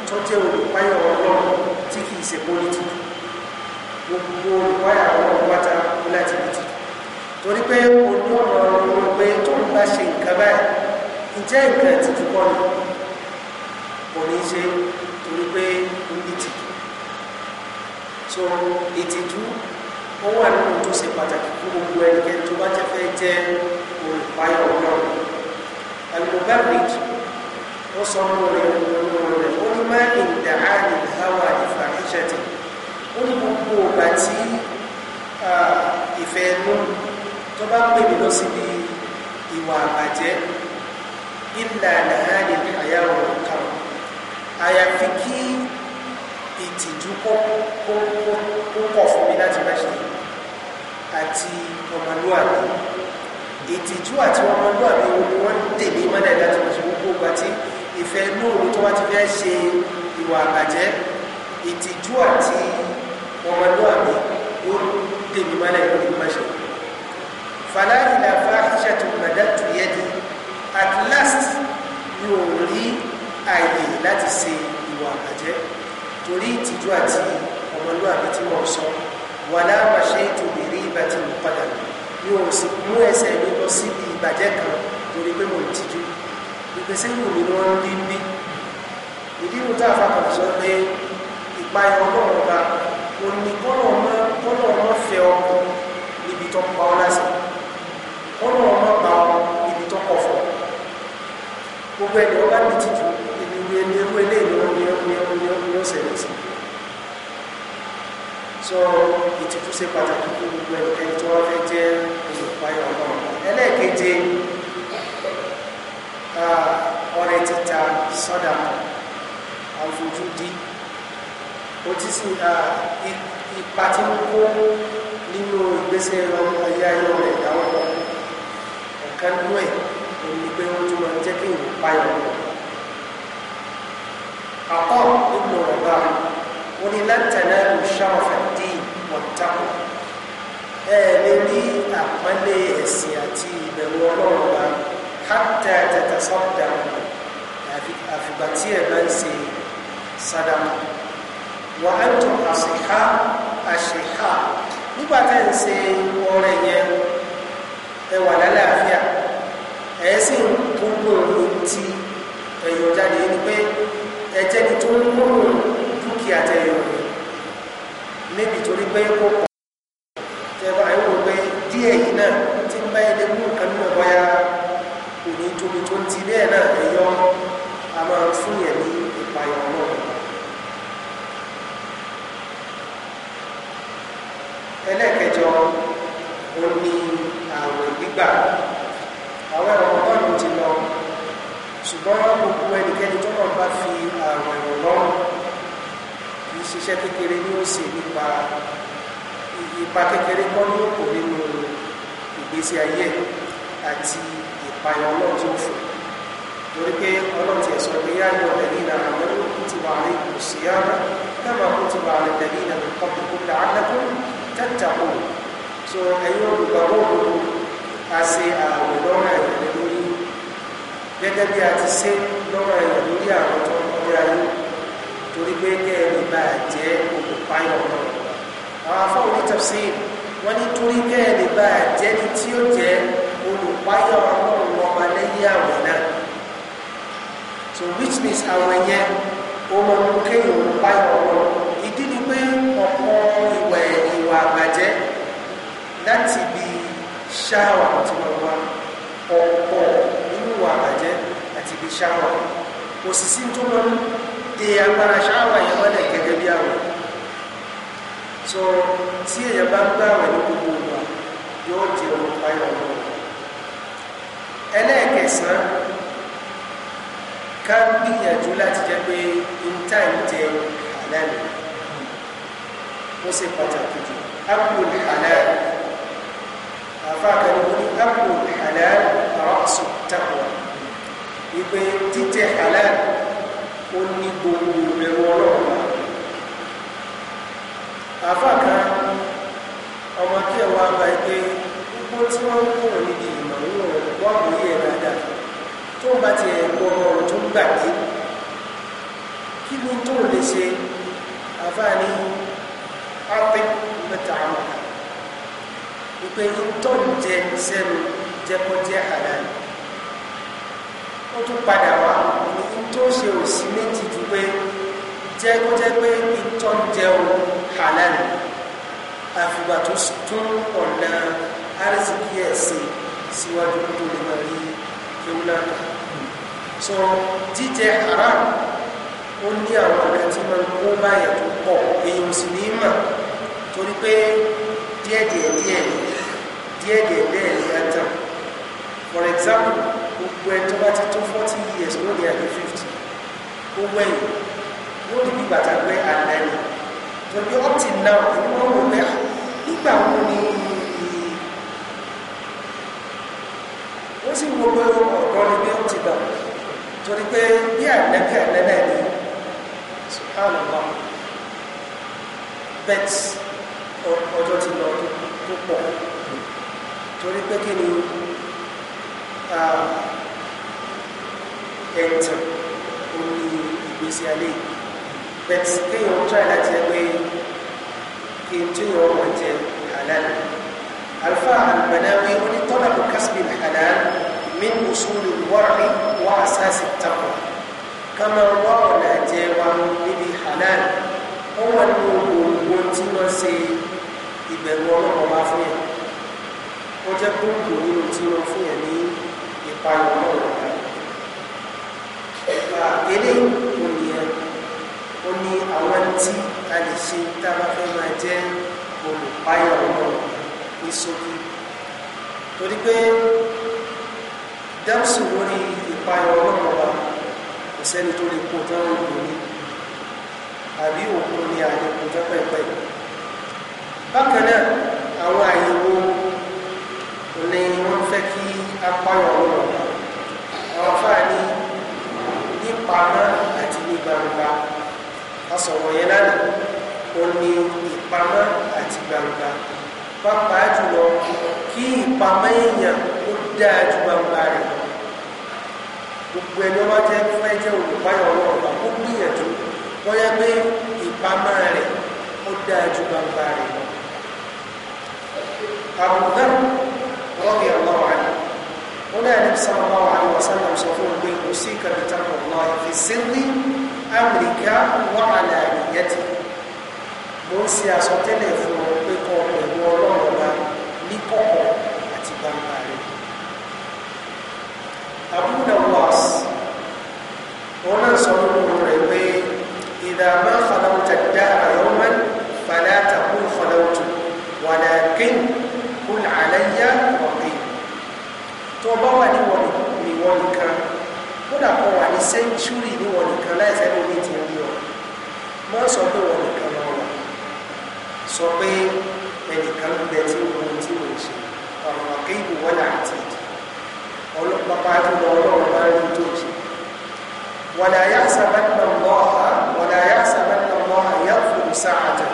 tó jẹ́ olùpáyọ̀ ọlọ́run tí kìí ṣe pólítìkì gbogbo olùpáyà ọlọ́run wáta láti bìtì torí pé ojú ọ̀nà ọ̀rọ̀ pé tó ń bá ṣe nǹkan báyìí ìjẹ́ nǹkan ti kíkọ́ ni kò ní ṣe torí pé ó ní tìkì so ìtìjú ó wà nínú tó ṣe pàtàkì fún gbogbo ẹnikẹ́ni tó bá jẹ́ fẹ́ jẹ́ olùpáyà ọlọ́run alùpùpù ó sọ mú rẹ̀ nínú rẹ̀ ó ní má ní ìdáhà ní hawa ìfàhíṣẹ́tì ó ní gbogbo ọ̀gbà tí ìfẹ́ ẹnu tó bá pè mí lọ síbi ìwà àbàjẹ́ ìlà àdáhà ní àyàwó kan àyàfi kí ìtìjú kó pọ̀ fún mi láti má ṣe àti ọmọlúwàbí ìtìjú àti ọmọlúwàbí wọn tèmi mọ́lẹ̀ láti má ṣe gbogbo ọgbà tí ìfẹ́ inú òun tó bá ti fẹ́ ṣe ìwà àbàjẹ́ ìtìjú àti ọmọlúwàbí ó dèmí mọ́lẹ̀ lórí mọ́ṣẹ́ fàlàyìnlá fàáhíṣà tó mọ̀dá tó yẹ di at last ni ò rí àyè láti ṣe ìwà àbàjẹ́ torí ìtìjú àti ọmọlúwàbí tí wọ́n sọ wàlá àmàṣe ìtòbìrí ìbá ti mú padà ni ò sì mú ẹsẹ̀ mi lọ síbi ìbàjẹ́ kan torí pé mo tìjú ìpèsè ìlú mi ni wọ́n rí bí ìdí ìlú tá a fà kàn sọ pé ìpayà ọlọ́run bá o ní kọ́nà ọmọ fẹ́ ọkọ níbi tó pa ọ lásán kọ́nà ọmọ bá ọ níbi tó pọ̀ fọ́ gbogbo ẹni ọba ní títù ìlú ẹni ẹrú ẹlẹ́ ìlú ẹni ẹrú ẹni ẹrú ẹni ọ̀sẹ̀lẹ̀ sí sọ ìtìtú ṣe pàtàkì fún jẹ́ olùpayà ojú dí ojú sì ipa tí ń kó nínú ìgbésẹ̀ ọmọ ìyá inú rẹ̀ ìdáwọ́ ọmọ ọ̀kan nú ẹ̀ òní pé wọ́n tún máa ń jẹ́ kí ìwò payọ̀ lọ. àpọ̀ nínú ọ̀gá wọn ni lẹ́tẹ̀lẹ́ ló ṣàwọ̀fẹ̀ dí ẹ lè rí àpọ́nlé ẹ̀sìn àti ìbẹ̀rù ọlọ́run ká tẹ̀ tẹ̀tẹ̀ sọ́ọ̀dà àfìgbà tí ẹ̀ bá ń ṣe sadama wà á tún àṣìká àṣìká nígbà tẹ́ ń ṣe ọrẹ yẹn ẹ wà lálàáfíà ẹ sì ń gbogbo òun ti ẹ̀yọ̀ jáde ni pé ẹ jẹ́ ni tó ń gbòòrò dúkìá tẹ̀yọ̀ rẹ̀ níbi torí pé kó pọ̀ tẹ́wọ́ àìwò pé díẹ̀ yìí náà ti ń bá ilé mú nǹkan nínú ọ̀bọ̀yà òní tóbi tó ń ti bẹ́ẹ̀ náà ẹ̀yọ́ a máa ń fún yẹn ní ìpayọ̀ náà. ẹlẹ́ẹ̀kẹjọ ó ní àwẹ̀ gbígbà àwẹ̀ ọgọ́rùn ti lọ ṣùgbọ́n gbogbo ẹnikẹ́ni tó náà bá fi àwẹ̀ ọlọ́run kì í ṣiṣẹ́ kékeré ní ó sì nípa ipa kékeré kọ́ ní òkò nínú ìgbésí ayé àti ìpayọ̀ ọlọ́run tó fún torí pé ọlọ́run ti ẹ̀sọ́ pé yá yọ ẹ̀rí ìlànà àwọn olùkú ti wà ní kò sí yára dábàá ti wà ní ìlànà kọ́kọ́ kó làálẹ́kùn tẹ́tàkù so ẹ̀yin olùgbàgbọ́ òdodo a ṣe ààwẹ̀ lọ́rọ̀ ẹ̀yàn lórí gẹ́gẹ́ bí a ti ṣe lọ́rọ̀ ẹ̀yàn lórí àwọn tó ń kọjá ayé torí pé kẹ́ ẹ lè bá a jẹ́ olùpáyọ̀ náà àwọn afọ́wọ́ ní tẹ̀sí wọ́n ní torí kẹ́ bá a jẹ́ ní tí ó jẹ́ olùpáyọ̀ ọlọ́run ọba lẹ́yìn àwẹ̀ náà so which means àwẹ̀ yẹn ó mọ̀ kéèyàn olùpáyọ̀ ọlọ́run ìdí ni pé ọ̀pọ̀ ìwẹ̀ ẹ̀ ìwà àbàjẹ́ láti ibi ṣáàwà tí wọ́n wá ọ̀pọ̀ nínú ìwà àbàjẹ́ àti ibi ṣáàwà kò sì sí tó mọ́ de agbára ṣáàwà yẹn mọ́lẹ̀ gẹ́gẹ́ bí àwọ̀ so tí èèyàn bá ń gbàwẹ̀ ní gbogbo ìgbà yóò jẹ ohun ayọ̀ lọ ẹlẹ́ẹ̀kẹsàn ká gbìyànjú láti jẹ́ pé in time jẹ àlẹ́ mi ó ṣe pàtàkì jù أكل الحلال أفاك نقول أكل الحلال رأس التقوى يبقى تتي حلال قلني بقول الولوم أفاك ọmọ kí ẹwà bá gbé gbogbo tí wọ́n ń kúrò níbi ìmọ̀ ní ọ̀rọ̀ wọ́pọ̀ yìí ẹ̀rọ àdá tó bá ti ẹ̀kọ́ ọ̀rọ̀ tó ń gbàgbé kí ni tó lè ṣe pé tó ń jẹ sẹ́nu jẹ́ kó halal ó tún padà wá ní tó ṣe òsì méjì ju pé jẹ́ kó jẹ́ pé tó ń jẹ o halal àfìgbà tó tún ọ̀nà arísìkí ẹ̀ sí síwájú tó lè máa rí ewúlànà so jíjẹ haram ó ní àwọn ọ̀nà tí máa ń kó báyà tó pọ̀ èèyàn sì ní mà torí pé díẹ̀díẹ̀ díẹ̀ ni díẹ̀díẹ̀díẹ̀ ẹ̀yà tán for example gbogbo ẹ̀ tó bá ti tó forty years ló ní àbí fifty ó wẹ̀yìn yóò ní bíbà tá a gbé àdáni tó bí up till now èmi wọ́n wò pé ah, nígbà wo ni ó sì wo pé ọ̀dọ́ ni bí ó ti dà torí pé bí àdẹ́bí àdẹ́bẹ̀ ni subhanallah bet ọjọ́ ti lọ tó pọ̀ torí pé kí ni um, ẹ̀tàn ó ní ìgbésí ayé bẹ́ẹ̀ kéèyàn ń tọ́ láti ẹgbẹ́ kí n tún yọ̀ wọ́n jẹ halal alfa albanawi ó ní tọ́lá kò kásìbì halal min usuli wọ́rọ̀ wá àsáàsì takwa kama wọ́rọ̀ náà jẹ́ wa níbi halal ó wà ní ohun tí wọ́n ṣe ìbẹ̀rù ọlọ́run wá fún yẹn ó jẹ́ gbòógì nínú tí wọ́n fún yẹn ní ìpayọ̀ náà wọ̀nyá ìgbà eléyìí kò nìyẹn ó ní àwọn tí a lè ṣe tá a bá fẹ́ máa jẹ́ olùpayọ̀ náà ní ṣókí torí pé dáhùsù lórí ìpayọ̀ ọlọ́pàá wa kò sẹ́ni tó lè kó tán òkú ní àbí òkú ní àyẹ̀kú tán pẹ̀pẹ̀ bákan àwọn àyẹ̀wò ni wọ́n fẹ́ kí apáyọ̀ ọ̀rọ̀ àwọn afáà ní ìpamọ́ àti ní gbangba asọ̀rọ̀ yẹn lánàá ó ní ìpamọ́ àti gbangba pàápàá jùlọ kí ìpamọ́ èèyàn ó dáa ju gbangba rẹ̀ gbogbo ẹni wọn jẹ fẹ́ jẹ́ olùbáyọ̀ ọlọ́run bá ó gbìyànjú bóyá pé ìpamọ́ rẹ̀ ó dáa ju gbangba rẹ̀ àbùdá رضي الله عنه هنا النبي صلى الله عليه وسلم صفوه بين أوصيك بتقوى الله في أمريكا وعلى وعلانيته موسى صتله فوقه وقوله لكوكو أتبان عليه أبو نواس هنا صفوه ربي إذا ما خلوت الدار يوما فلا تقول خلوت ولكن kul alayya wakil tó bá wà ní ìwọ nìkan kódà kọ wà ní sẹ́ńtúrì ní ìwọ nìkan láìsẹ́ lórí ti rí ọ mọ́ sọ pé ìwọ nìkan lọ wà sọ pé ẹnìkan ń bẹ tí ó tí ó ṣe ọ̀rọ̀ àkéyìnbó wọlé àti ìdí ọlọ́pàá tó lọ ọlọ́run bá rí tó ṣe wala yahsabanna allaha wala yahsabanna allaha yaghfiru sa'atan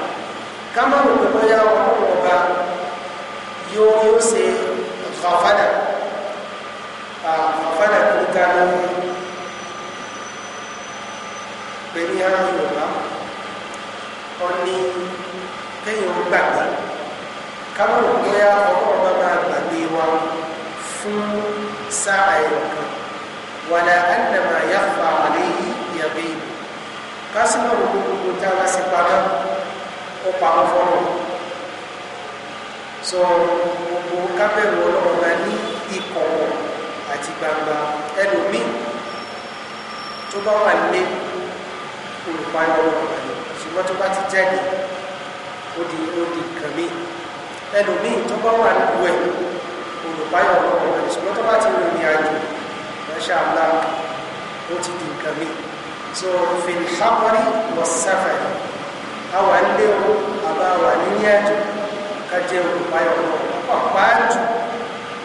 kama rògbòmọ́yà ọlọ́run ọba yóò yóò ṣe khafada khafada tó ga lórí pẹ̀lú ara yorùbá ọ̀ni kéèyàn gbàgbé káwọn òkúya ọkọ̀ bàbá gbàgbé wa fún sáà ẹ̀rọ kan wàlá ànàmà yàfà àléyìn ìyàgbé kásìmọ̀ gbogbo tá a bá sì pamọ́ ó pamọ́ fọ́nà so gbogbo kábẹ̀rù ọlọ́run bá ní ìkọ̀wọ̀ àti gbangba ẹlòmíì tó bá wà nílé olùpayọ ọlọ́run bá ní ṣùgbọ́n tó bá ti jáde ó di ó di nǹkan míì ẹlòmíì tó bá wà nílùú ẹ̀ olùpayọ ọlọ́run bá ṣùgbọ́n tó bá ti rìnrìn àjò masha Allah ó ti di nǹkan míì so fìlìfàkọ́rí wọ́n sáfẹ̀ àwọn ilé o àbá wà nílé ẹ̀jọ̀ ká jẹ́ olùpáyọ̀ pàápàá jù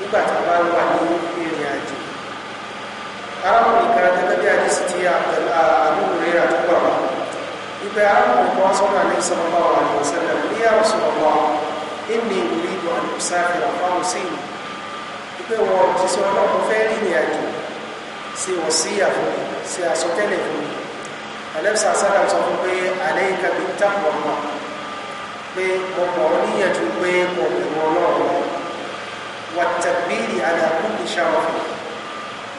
nígbà tí a bá wà ní ìrìn àjò arákùnrin kan gẹ́gẹ́ bí àdísì tí àdúgbòrè àtúgbà wà ibẹ̀ arákùnrin kan sọ́nà ní sọ́nà wà ní ọ̀sẹ̀lẹ̀ ní àrùsọ̀rọ̀ wà ní ìrìnàjò àdùsáfìrà fáwọn sí ìpé wọn ti sọ ọlọ́pọ̀ fẹ́ rìnrìn àjò sí wọ́n sí àfihàn sí àsọtẹ́lẹ̀ fún mi alẹ́bùsà sádà sọ fún pé àlẹ́ ìkàbí táwọn ọmọ pé mo mọ̀ ọ́ níyànjú pé mo bẹ̀rù ọlọ́run wàtàbílì àdàkùnlé ṣàwọ̀fẹ̀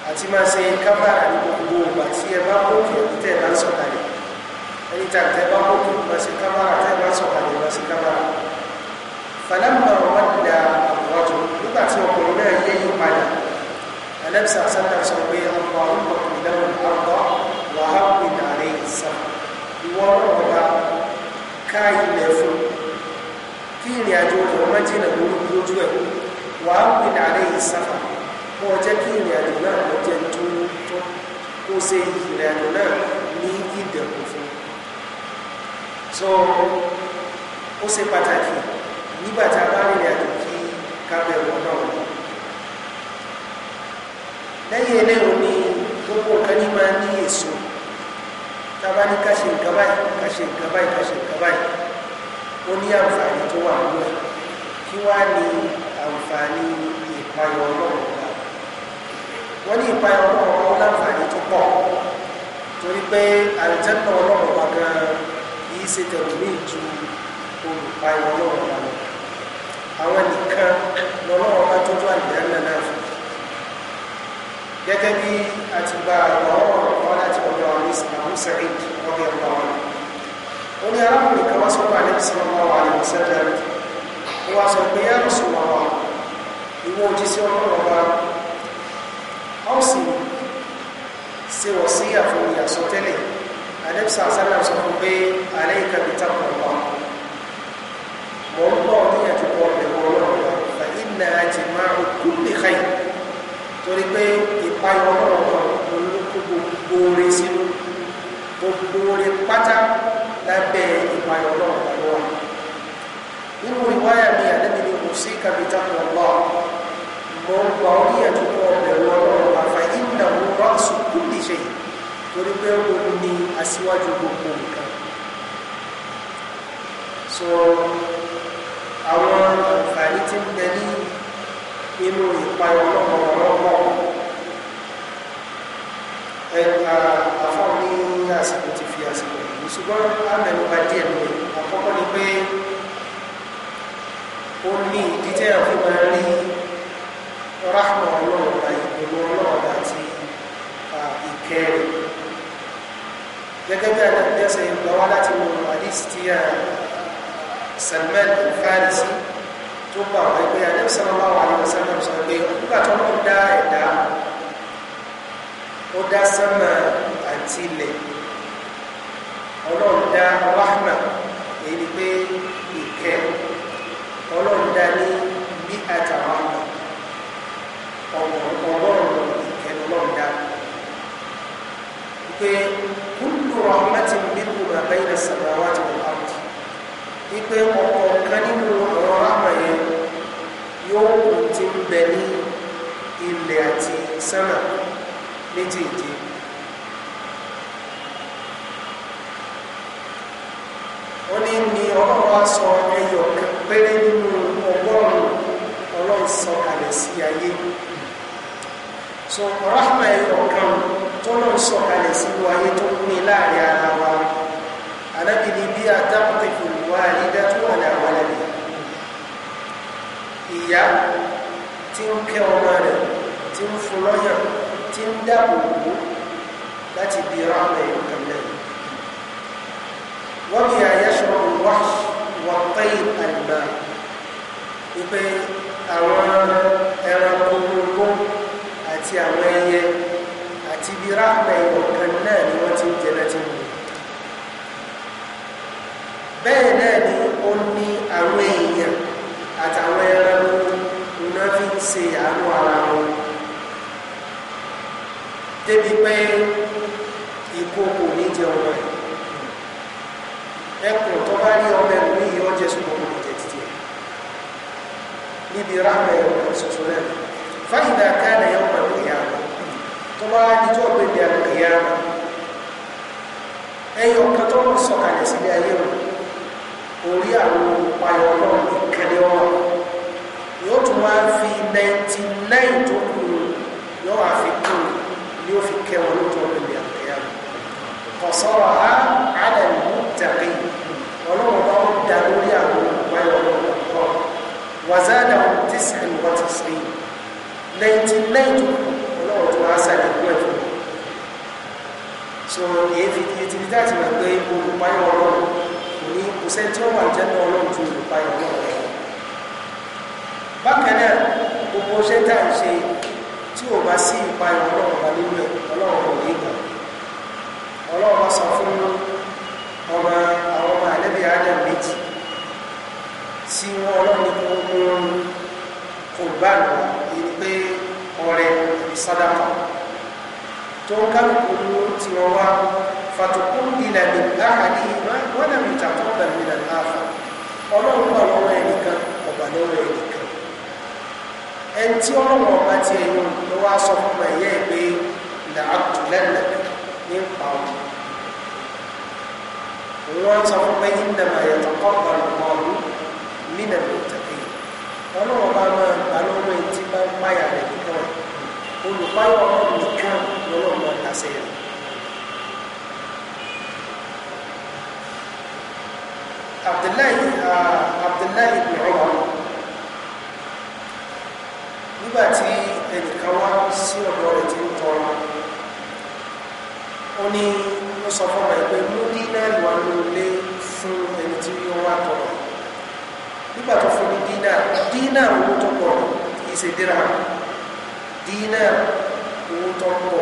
àti máa ṣe kábàrà ní gbogbo ìgbà tí ẹ bá kó kí ẹni tẹ́ ẹ bá ń sọ̀kalẹ̀ ẹni tà tẹ́ bá kó kí máa ṣe kábàrà tẹ́ ẹ bá ń sọ̀kalẹ̀ máa ṣe kábàrà. fàlámà wọn da àwùjọ nígbà tí ọkùnrin náà yé yí padà alẹ́bísà sátà sọ pé ọmọ ọmọ ìdáhùn àbọ̀ wàhálà ìdàrẹ́ ìsà ìwọ ọ̀rọ̀ ọba ká ilẹ̀ fún kí ìrìn àjò rẹ̀ wọ́n lójú ẹ̀ wà á pè dàrẹ́ yìí kọ́ jẹ́ kí ìrìn àjò náà lọ jẹ́ tó tó kó ṣe ìrìn àjò náà ní ìdẹ̀kùn fún so ó ṣe pàtàkì nígbà tá a bá rìnrìn àjò kí kábẹ̀rù náà lẹ́yìn eléyìí ni gbogbo nǹkan ní máa ní èso tá a bá ní ká ṣe nǹkan báyìí ká ṣe nǹkan báyìí ká ṣe nǹkan báyìí ó ní àǹfààní tó wà nínú ẹ̀ kí wá ní àǹfààní ìpayọ̀ ọlọ́run ọba wọ́n ní ìpayọ̀ ọlọ́run ọba láǹfààní tó pọ̀ torí pé àìjẹ́pọ̀ ọlọ́run ọba gan yìí ṣe tẹ̀lé ní ìju olùpayọ̀ ọlọ́run ọba lọ àwọn nìkan lọ́lọ́run ọba tó tó àlùyá náà náà fún gẹ́gẹ́ bí àtìgbà àwọn ọ̀rọ̀ ọ̀rọ̀ láti ọ̀dọ̀ àwọn ìsìn àwọn sẹ́yìn ọ̀gẹ̀ ọ̀gbà wọn ó ní arákùnrin kan wá sọ pé àlẹ́ ìsìn ọmọ wa àlẹ́ ìsìn ọmọ wa wá sọ pé yàrá sùn wà wà ìwọ ojú sí ọmọ ọba ọ̀sìn ṣe wọ̀ sí àfihàn ìyàsọtẹ́lẹ̀ àdẹ́bísà sáré sọ fún pé àlẹ́ ìkàbí tàbí ọ̀pá mọ̀ ń bọ̀ níyànjú pọ̀ ẹ̀wọ̀ ọlọ́run fa iná àti máa ń kú lè ká yìí torí pé ìpayọ̀ ọlọ́run olókùnkùn gbòòrè sínú gbòòrè pátá lábẹ́ ìpayọ̀ ọlọ́run lọ́wọ́ nínú ìwáyà mi àdẹ́bí ni kò sí kàbítà ọlọ́ mo ń gba orí ẹ̀tọ́ kọ ọ̀bẹ̀rù ọlọ́run àfà ìnà mo bá sùkú níṣe torí pé òun ni aṣíwájú gbogbo nǹkan so àwọn àǹfààní tí ń bẹ ní inú ìpayọ̀ ọlọ́run ọlọ́pọ̀ ẹ̀ka àfọ̀ ní àsìkò ti fi àsìkò ṣùgbọ́n àmẹ́wò bá díẹ̀ lò àkọ́kọ́ ni pé ó ní ìdí tẹ́ àfi máa rí ráhùn ọlọ́run bá ìpinnu ọlọ́run àti ìkẹrì gẹ́gẹ́ bí àdàbí ẹsẹ̀ ìgbàwá láti mọ àdìsí tí a Salman Farisi tó gbà wọ́n pé àdìsí wà ní sọ́nà sọ pé nígbà tó ń dá ẹ̀dá ó dá sánmà àti ilẹ̀ ọlọ́run dá wàhánà èyí ni pé ìkẹ́ ọlọ́run dá ní bí àtàwàhánà ọlọ́run ìkẹ́ ọlọ́run dá pé kúlù rahmati nínú bàbá ilẹ̀ sàmáwá ti wọ áwùjì wípé ọkọ̀ kan nínú ọ̀rọ̀ àmà yẹn yóò ti ń bẹ ní ilẹ̀ àti sánà méjèèjì. wá sọ ẹyọ kan péré nínú ọgọ́rùn-ún ọlọ́run sọ kalẹ̀ sí ayé so rahma ẹyọ kan tó lọ́n sọ kalẹ̀ sí ayé tó ní láàrin ara wa anábì ni bí atákùtẹ̀kù wà ní dátú wà ní àwọn ẹlẹ́bí ìyá tí ń kẹ́ ọmọ rẹ̀ tí ń fún lọ́yà tí ń dáàbò bò láti bí rahma ẹyọ kan náà wọ́n bí ayé sọ̀rọ̀ wáṣí wọ́pẹ́yì àgbà wípé àwọn ẹranko gbogbo àti àwọn ẹyẹ àti ibi ráàpẹ̀ ọ̀kan náà ni wọ́n ti ń jẹ láti mú bẹ́ẹ̀ náà ni ó ní àwọn èèyàn àtàwọn ẹranko iná fi ń ṣe àánú ara wọn débi pé ìkókò ní jẹun rẹ̀ ẹkùn tó bá ní ọmọ ẹ̀rù ní ìyọ́ jẹ́ sùn gbogbo ìjẹ títí ẹ̀ níbi ráàmù ẹ̀rù kan ṣoṣo rẹ̀ fáyìdà káàdà yẹn wọn ní ìyá wọn tó bá díjọ́ gbèdé àwọn ìyá wọn ẹyọ kan tó ń sọ̀kalẹ̀ sílé ayé wọn orí àwọn olùpayọ ọlọ́run ìkẹlẹ̀ ọ̀rọ̀ yóò tún wá fi 99 tó kù yóò wá fi kù ni ó fi kẹwọn lójú ọ̀gbìn kọ̀sọ́rọ̀ á àdàlù tàbí ọlọ́run bá ó da lórí àwọn olùgbàyọ̀ olùkọ́ wàzádà tísìn wọ́tí sí ninety nine ọlọ́run tó wá sàdékú ẹ̀ fún so èyí ti fi dáàtì wà pé olùgbàyọ̀ ọlọ́run kò ní kò sẹ́ni tí ó wà jẹ́ náà ọlọ́run tó olùgbàyọ̀ ọlọ́run bákan náà gbogbo ṣẹ́ tá à ń ṣe tí ò bá sí ìpayọ̀ ọlọ́run wà nínú ẹ̀ ọlọ́run ò ní gbà ọlọ́ọ̀bá sọ fún ọmọ àwọn ọmọ àlẹ́bí adam méjì tí wọ́n ọlọ́ọ̀ni kò mú kò bá nù ní pé ọrẹ sádàkà tó ń kálukú tí wọ́n wá fatukú ilẹ̀ mi láàárín ìmọ̀ wọ́n náà mi tàbí ọ̀gbà mi nà láàfà ọlọ́run gbà lọ́wọ́ ẹnìkan ọ̀gbà lọ́wọ́ ẹnìkan ẹni tí ọlọ́run ọba ti ẹ̀yọ ló wá sọ fún ẹ̀yẹ́ ìgbé làákùlẹ́nà ní pàwọn wọ́n sọ fún pé innama yataqabbalu Allahu minal muttaqin ọlọ́run bá máa gbà lọ́wọ́ ẹni bá ń páyà rẹ̀ nìkan rẹ̀ olùpáyọ̀ ọlọ́run nìkan lọ́wọ́ máa dàsẹ̀ rẹ̀. Abdullahi Abdullahi ibn nígbà tí ẹnìkan wá sí ọ̀dọ̀ rẹ̀ ti ń tọrọ ó ní ń sọ fún ọmọ ẹgbẹ́ mú dínárì wà lólé fún ẹni tí ó wá tọrọ nígbà tó fún ní dínárì dínárì owó tó pọ̀ kì í ṣe dírà dínárì owó tó pọ̀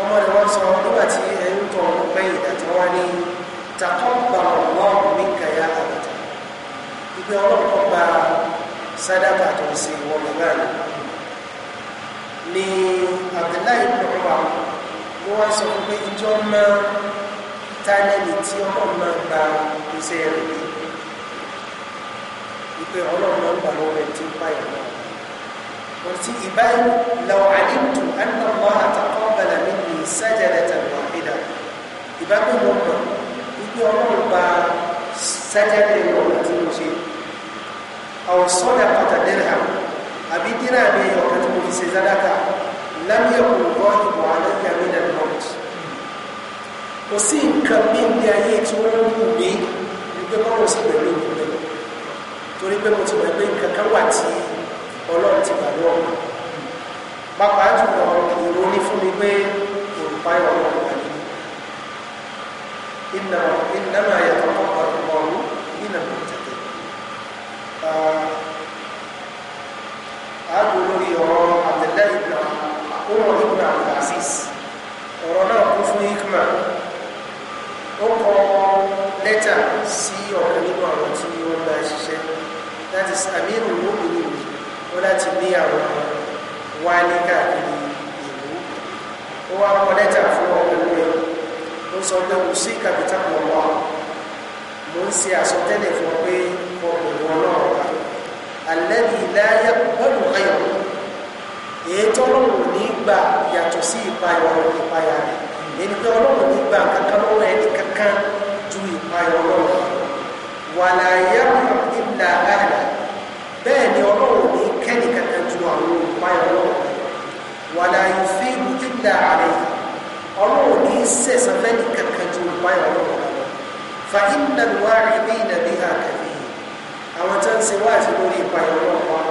ọmọ rẹ̀ wọ́n sọ nígbà tí ẹ ń tọ̀ lẹ́yìn ìdájọ́ wá ní takọ́gbàmọ̀ wọ́n mi kàyà àbàtà ibi ọlọ́pọ̀ gba sádàkà tó ń ṣe wọ́n bàbá rẹ̀ ní Abdullahi ibn Umar wọ́n wá sọ fún pé ìjọ máa tálẹ́lì tí ọmọ máa gba iṣẹ́ rẹ̀ ní wípé ọlọ́run máa ń gbà lọ́wọ́ rẹ̀ tí ó báyìí náà wọ́n ti ìbáyìí lọ́wọ́ àdínkù àdínàmọ́ àtàkọ́ bala mi ní sajadata wahida ìbágbé wọn mọ̀ wípé ọlọ́run gba sájàdà ìwọ̀n àti mo àwọn sọ́dà pàtàkì àbí dínà mi ọ̀kan fi ṣe sádàkà لم يكن غالب عليك من الموت kò sí nǹkan bí ní ayé tí wọ́n ń wù mí wípé kọ́lọ̀ sí pẹ̀lú ìwé torí pé mo ti mọ̀ pé nǹkan kan wà tí ọlọ́run ti gbàgbọ́ ọ̀hún pápá jùlọ ìrò ní fún mi pé olùpá ìwà ọlọ́run wà nínú iná ìdáná ayẹ̀tọ̀ ọ̀pọ̀ ọ̀rọ̀ nínà mọ̀ tẹ̀tẹ̀ ààbò lórí ọ̀rọ̀ àtẹ̀lẹ́yìn náà Mahmoud ibn Abdul Aziz ọ̀rọ̀ náà kún fún hikma ó kọ lẹ́tà sí ọ̀kan nínú àwọn tí wọ́n bá ṣiṣẹ́ láti amírù lóbìnrin mi ó láti ní àwọn wá ní káàkiri ìlú ó wá kọ lẹ́tà fún ọkùnrin rẹ̀ ó sọ pé kò sí kàpítà kan mo ń ṣe àsọtẹ́lẹ̀ fún ọ pé ọkùnrin ọlọ́run alẹ́ ni láyé gbọ́dọ̀ ayọ̀ èyí tó lọ́wọ́ ní gbà yàtọ̀ sí ìpayà ọ̀rọ̀ ìpayà rẹ̀ èyí tó lọ́wọ́ ní gbà kankan lọ́wọ́ ẹni kankan ju ìpayà ọlọ́wọ́ wàlà yàrá ìlà àlà bẹ́ẹ̀ ni ọlọ́wọ́ ní kẹ́ni kankan ju àwọn ìpayà ọlọ́wọ́ wàlà yòfin ìlà àlẹ́ yìí ní sẹ̀sán fẹ́ni kankan ju ìpayà ọlọ́wọ́ fa inna bí ìnàbí àkàbí àwọn tó ń ṣe wáàtí lórí ìpayà ọlọ́wọ́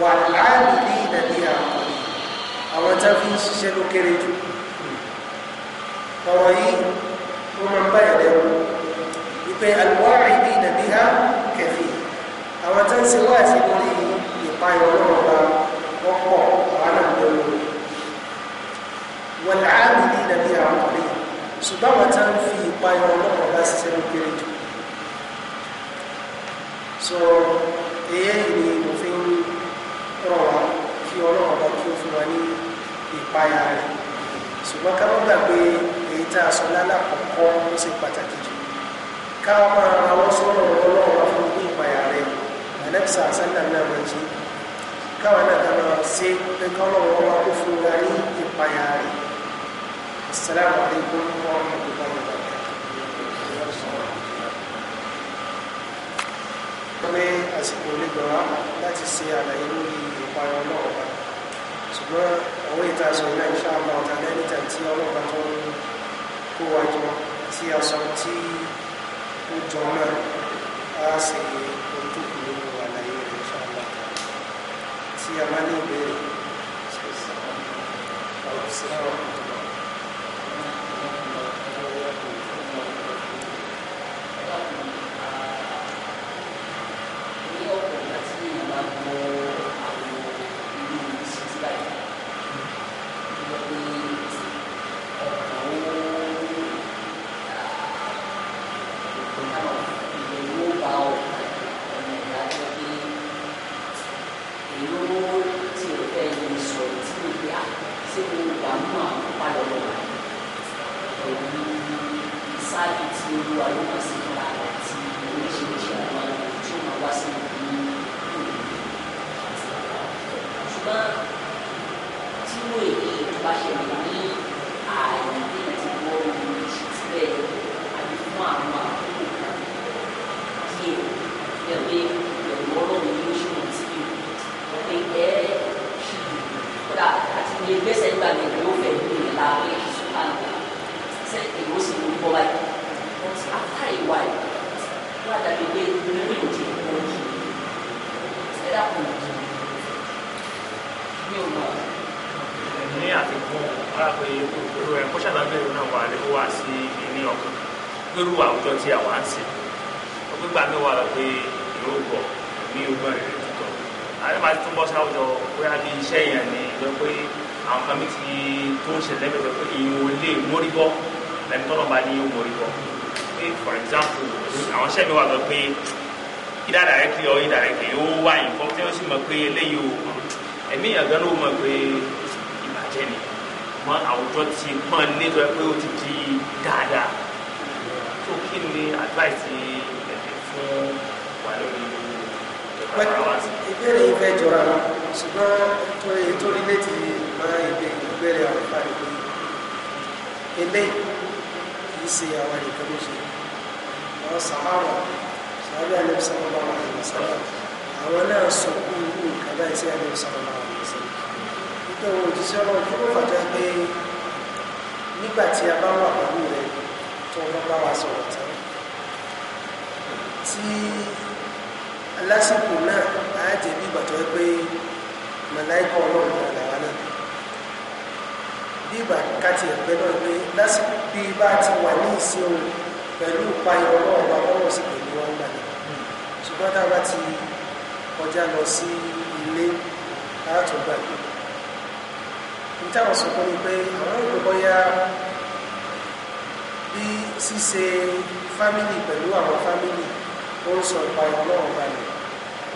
wà láàrín ní ìdàdí àwọn àwọn tá fi ń ṣiṣẹ́ ló kéré jù ọ̀rọ̀ yìí ó máa ń bá ẹ̀dẹ̀ wọn wípé alùwárí ní ìdàdí ha kẹfì àwọn tá ń ṣe wáàsí lórí ìpayọ̀ ọlọ́run bá ọ̀pọ̀ àwọn náà wà láàrín ní ìdàdí àwọn ṣùgbọ́n àwọn tá ń fi ìpayọ̀ ọlọ́run ṣiṣẹ́ ló kéré jù so èyí ni mo rọ̀ wá kí ọlọ́run ọba kí ó fún wa ní ìpayà rẹ̀ ṣùgbọ́n ká má gbàgbé èyí tá a sọ lálàkọ̀ọ́kọ́ ló ṣe pàtàkì jù ká máa ra wọ́n sọ̀rọ̀ ọlọ́run wá fún ní ìpayà rẹ̀ àlẹ́kùsà sẹ́ńdà náà wọ̀ jí káwọn náà ká máa ṣe pé ká ọlọ́run wá kó fún wa ní ìpayà rẹ̀ Assalamu alaikum warahmatullahi wabarakatuh pé àsìkò lè gbà wá láti ìpayọ̀ ọlọ́ọ̀ba ṣùgbọ́n àwọn ìta sọ náà ń ṣáàbà ọ̀tà lẹ́nìtà tí ọlọ́ọ̀ba tó ń kó wa jọ tí a sọ tí ó jọ náà á sì ohun tó kù nínú àlàyé rẹ̀ ṣáàbà tí a máa ní ìbéèrè ṣe sí ọ̀rọ̀ sí ọ̀rọ̀ ìbéèrè ìfẹ́ jọra wọn ṣùgbọ́n tó rí létí máa ìbéèrè àwọn ìfàdé pé eléyìí kìí ṣe àwọn nìkan ló ṣe àwọn sàárà sàárà ní sàárà wà ní sàárà àwọn náà sọ fún irú nǹkan báyìí sí àlẹ́ sàárà wà ní sàárà nígbà wo òjíṣẹ́ ọ̀rọ̀ tó kó fàjọ pé nígbà tí a bá wà pẹ̀lú rẹ̀ tó wọ́n bá wa sọ̀rọ̀ tán tí lásìkò náà á jẹ bí ìgbà tó yẹ ọlọ́run náà làwa náà bí ìgbà káti náà pé lásìkò bí bá ti wà ní ìsìn òun pẹ̀lú ìpayọ̀ ọlọ́run bá wọ́n sì pẹ̀lú wọn gbà ní ṣùgbọ́n tá a bá ti kọjá lọ sí ilé láàtọ̀ gbàgbé ní táwọn sọ fún mi pé àwọn òkú bọ́yá bí ṣíṣe fámìlì pẹ̀lú àwọn fámìlì ó ń sọ ìpayọ̀ ọlọ́run balẹ̀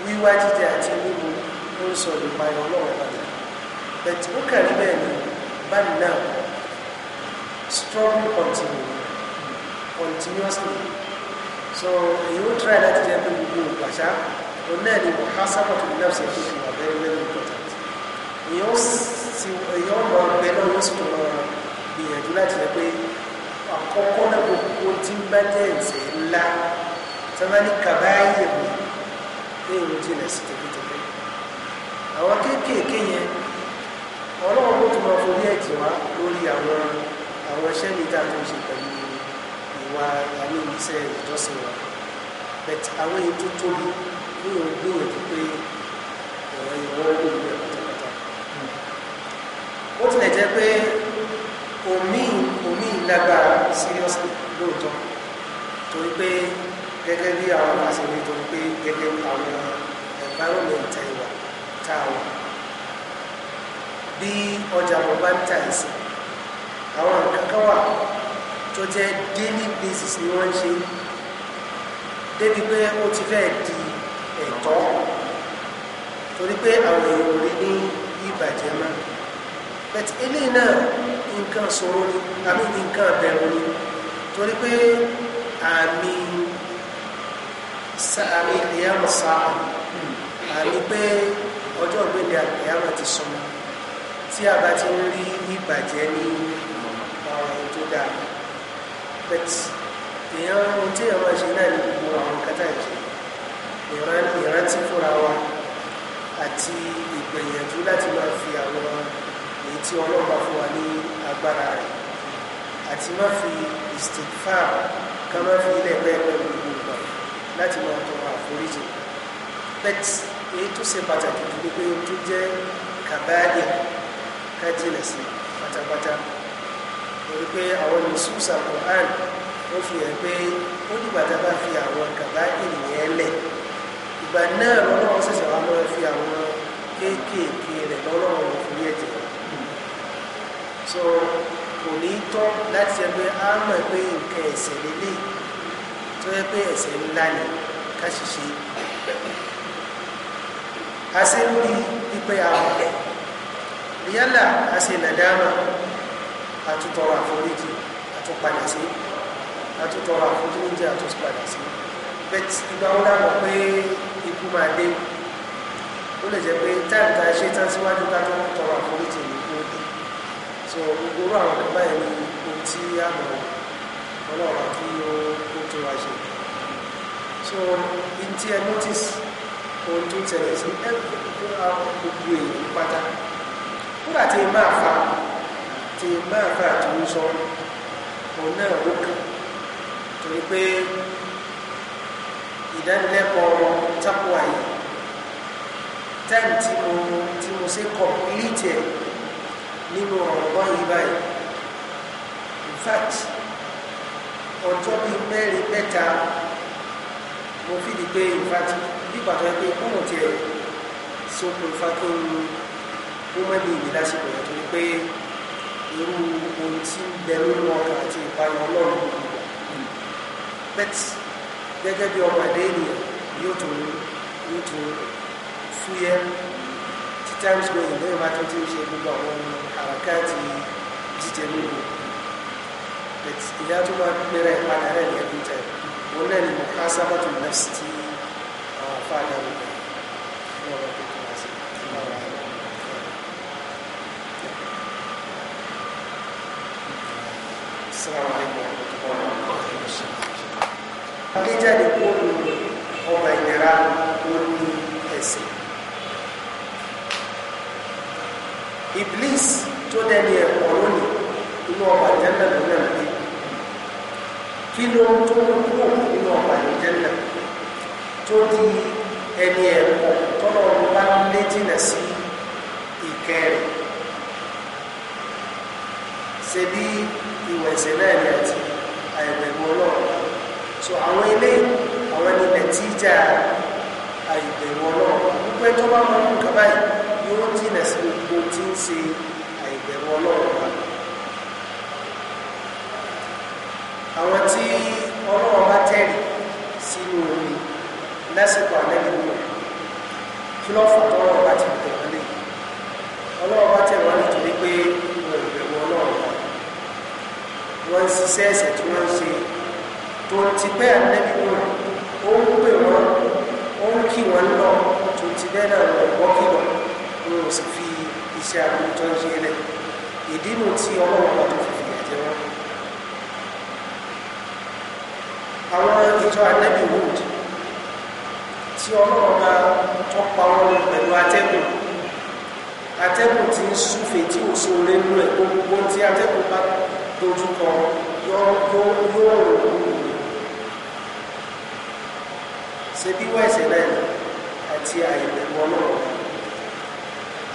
wíwá jíjẹ àti mímu ó ń sọ ìpayọ̀ ọlọ́run balẹ̀ bẹ̀tì ó kàrí bẹ́ẹ̀ ni báyìí náà strongly continue continuously so èyí ó try láti jẹ́ pé gbogbo ìpàṣá òun náà ni muhasabatu nafsi tó fi wà very very important èyí ó sì èyí ó lọ bẹ náà yóò sì tó lọ gbìyànjú láti jẹ́ pé àkọ́kọ́ náà gbogbo tí ń bá jẹ́ ìṣẹ̀ ńlá tí wọ́n ní kàbáyé mi pé ìwé jìnà sí tẹ́kẹ́tẹ́kẹ́ àwọn kéékèèké yẹn ọlọ́run ló tún máa forí ẹ̀jẹ̀ wá lórí àwọn àwọn iṣẹ́ mi tá a tún ṣe pẹ̀lú ìwà àmì iṣẹ́ ìjọsìn wa but àwọn ètò tóbi ní òun gbìyànjú pé ọ̀rọ̀ ìwọ́ olùgbé pátápátá ó tilẹ̀ jẹ́ pé omi omi lágbára seriously lóòótọ́ torí pé gẹ́gẹ́ bí àwọn àṣẹ nítorí pé gẹ́gẹ́ àwọn environment ẹ̀wà tá a wà bí ọjà wọn bá ń tà ẹ̀sìn àwọn nǹkan wà tó jẹ́ daily basis ni wọ́n ń ṣe débi pé ó ti fẹ́ di ẹ̀tọ́ torí pé àwọn èèyàn rí ní ìbàjẹ́ mọ́ bẹ́ẹ̀ eléyìí náà nǹkan ṣòro ni àbí nǹkan bẹ̀rù ni torí pé àmì àmì ìyàmù sáà àní pé ọjọ́ ìgbéde ìyàmù ti súnmọ́ tí a bá ti ń rí ìbàjẹ́ ní ọ̀rọ̀ tó dáa but èèyàn ohun tí èèyàn máa ṣe náà ní gbogbo àwọn kátà ìjẹ ìrántí fúnra wa àti ìgbìyànjú láti máa fi àwọn èyí tí ọlọ́mà fún wa ní agbára rẹ̀ àti má fi ìsìtìfà ká má fi ilẹ̀ bẹ́ẹ̀ pẹ̀lú láti máa tọrọ àforíjì but èyí tó ṣe pàtàkì jù ní pé o tó jẹ́ kàbáyà ká jìnà sí pátápátá torí pé àwọn nìṣúṣà Qur'an ó fi hàn pé ó dìgbà tá a bá fi àwọn kàbáyà nìyẹn lẹ̀ ìgbà náà lọ́wọ́ ṣẹ̀ṣẹ̀ wá máa fi àwọn kéékèèké rẹ̀ lọ́wọ́ òfin ẹ̀jẹ̀ so kò ní tọ́ láti ẹgbẹ́ á mọ̀ pé nǹkan ẹ̀sẹ̀ lélẹ́yìí tó yẹ pé ẹ̀ṣẹ̀ ńlá ni ká ṣiṣẹ ase ń bi pípé àwọn yálà ase nàdámà àtútọrọ àforíjì àtúpadà sí àtútọrọ àforíjì àtúpadà sí bẹ́ẹ̀ ìgbà wọn dàgbà pé ikú máa dé ó lè jẹ́ pé táìmù tá a ṣe tán síwájú ká tó tọrọ àforíjì ní ó dé so gbogbo àwọn ọmọ báyìí ni ohun tí a mọ̀ ọ́ ọlọ́ọ̀bá kí ó tó wá ṣe so in ti ẹ notice ohun tó tẹ̀lé sí gbogbo èèyàn pátá nígbà tí máa fa tí máa fa àti ń sọ òun náà ó kàn torí pé ìdánilẹ́kọ̀ọ́ tápọ̀ àyè táìmù mo tí mo ṣe complete ẹ̀ nínú ọ̀rọ̀ bọ́yìí báyìí in fact ọjọ́ bíi mẹ́rin mẹ́ta mo fi di pé ìfàtí bíbà tó yẹ pé kúrò tiẹ̀ sókùnfà kí n ó má ní ìdí lásìkò yẹn torí pé irú ohun tí ń bẹ lórí ọkà àti ìpayọ ọlọ́run gbogbo bet gẹ́gẹ́ bí ọmọ ẹ̀dá ènìyàn yóò tún yóò tún fúyẹ́ tí times square yìí lóyún ti ń ṣe gbogbo àwọn àràká àti jíjẹ lóru ìyá tó máa gbéra ẹ̀ padà rẹ̀ ní ẹ̀kún tẹ̀ wọn náà ni muhasabatu nafs tí fáadà wò pẹ̀ ní ọ̀rọ̀ tó kọ́ sí ìlànà Assalamu alaikum warahmatullahi ọba ìnira ló ní Iblis tó dẹni ẹ̀kọ́ lónìí inú ọba ìjẹ́ńdà lónìí kí ló ń tó ń kú nínú ọgbà ìjẹ́nà tó di ẹni ẹ̀kọ́ tọ́lọ̀ bá lé jìnà sí ìkẹrì ṣe bí ìwẹ̀ ẹ̀sẹ̀ náà ni àti àìbẹ̀rù ọlọ́run so àwọn ilé àwọn ẹni nàìjíríà àìbẹ̀rù ọlọ́run wípé tó bá mọ nǹkan báyìí yóò jìnà sí gbogbo tí ń ṣe àìbẹ̀rù ọlọ́run àwọn tí ọlọ́wọ́ bá tẹ̀lé sínú omi lásìkò àlẹ́lẹ́ wọn kí lọ́ fà tọ́wọ́ bá ti tẹ̀ wọ́n lé ọlọ́wọ́ bá tẹ̀ wọ́n nítorí pé wọn ò bẹ̀rù ọlọ́wọ́ bá wọ́n ń ṣiṣẹ́ ẹ̀sẹ̀ tí wọ́n ń ṣe tó ti pẹ́ àlẹ́lẹ́ wọn ó ń pè wọ́n ó ń kí wọ́n lọ tó ti bẹ́ẹ̀ náà lọ wọ́n kí lọ wọn ò sì fi iṣẹ́ àbújọ́ yẹlẹ̀ ìdí nù tí ọlọ́wọ́ bá tó f àwọn ìjọ anẹ́bí wood tí ọlọ́run bá tọ́ pa wọn pẹ̀lú atẹ́gùn atẹ́gùn tí ń súfè tí ò so lé nínú ẹ̀ gbogbo tí atẹ́gùn bá dojúkọ yóò rò ó ṣe bí wọ́n ẹ̀sẹ̀ náà àti àìbẹ̀wọ̀ náà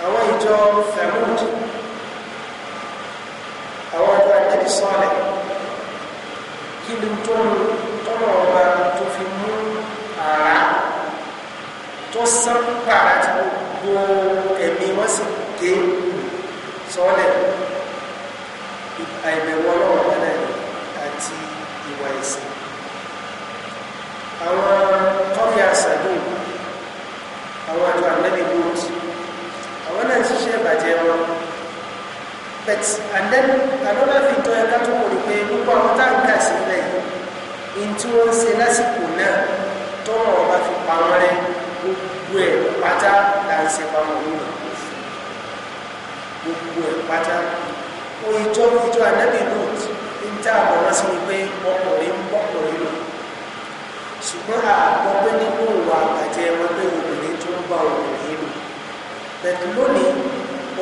àwọn ìjọ Thamud àwọn ìjọ anẹ́bí sọ́ọ̀lẹ̀ kí ni tó ń lò tọ́lọ̀ ọba tó fi mú àrá tó sán pàrà tí gbogbo ẹ̀mí wọ́n sì gé sọ́lẹ̀ àìbẹ̀wọ̀ ọlọ́wọ́ náà àti ìwà ẹ̀sìn àwọn kọ́fíà sàdùn àwọn àjọ àmẹ́lẹ̀ wood àwọn náà ṣiṣẹ́ ìbàjẹ́ wọn but and then another thing tó yẹ ká tó kò rí pé gbogbo àwọn táǹkà sí ilẹ̀ ntí wọ́n ń ṣe lásìkò náà tọ́nà ọba fi pa wọ́n rẹ gbogbo ẹ̀ pátá là ń ṣe pamọ́ nínú gbogbo ẹ̀ pátá ìjọ ìjọ ànábì lóòt ń tá àbọ̀ wọn sí ni pé ọkùnrin ń bọ́kùnrin lọ ṣùgbọ́n àgbọ̀ pé nínú ìwà àgbàjẹ́ wọn pé obìnrin tó ń bá obìnrin lò pẹ̀lú lónìí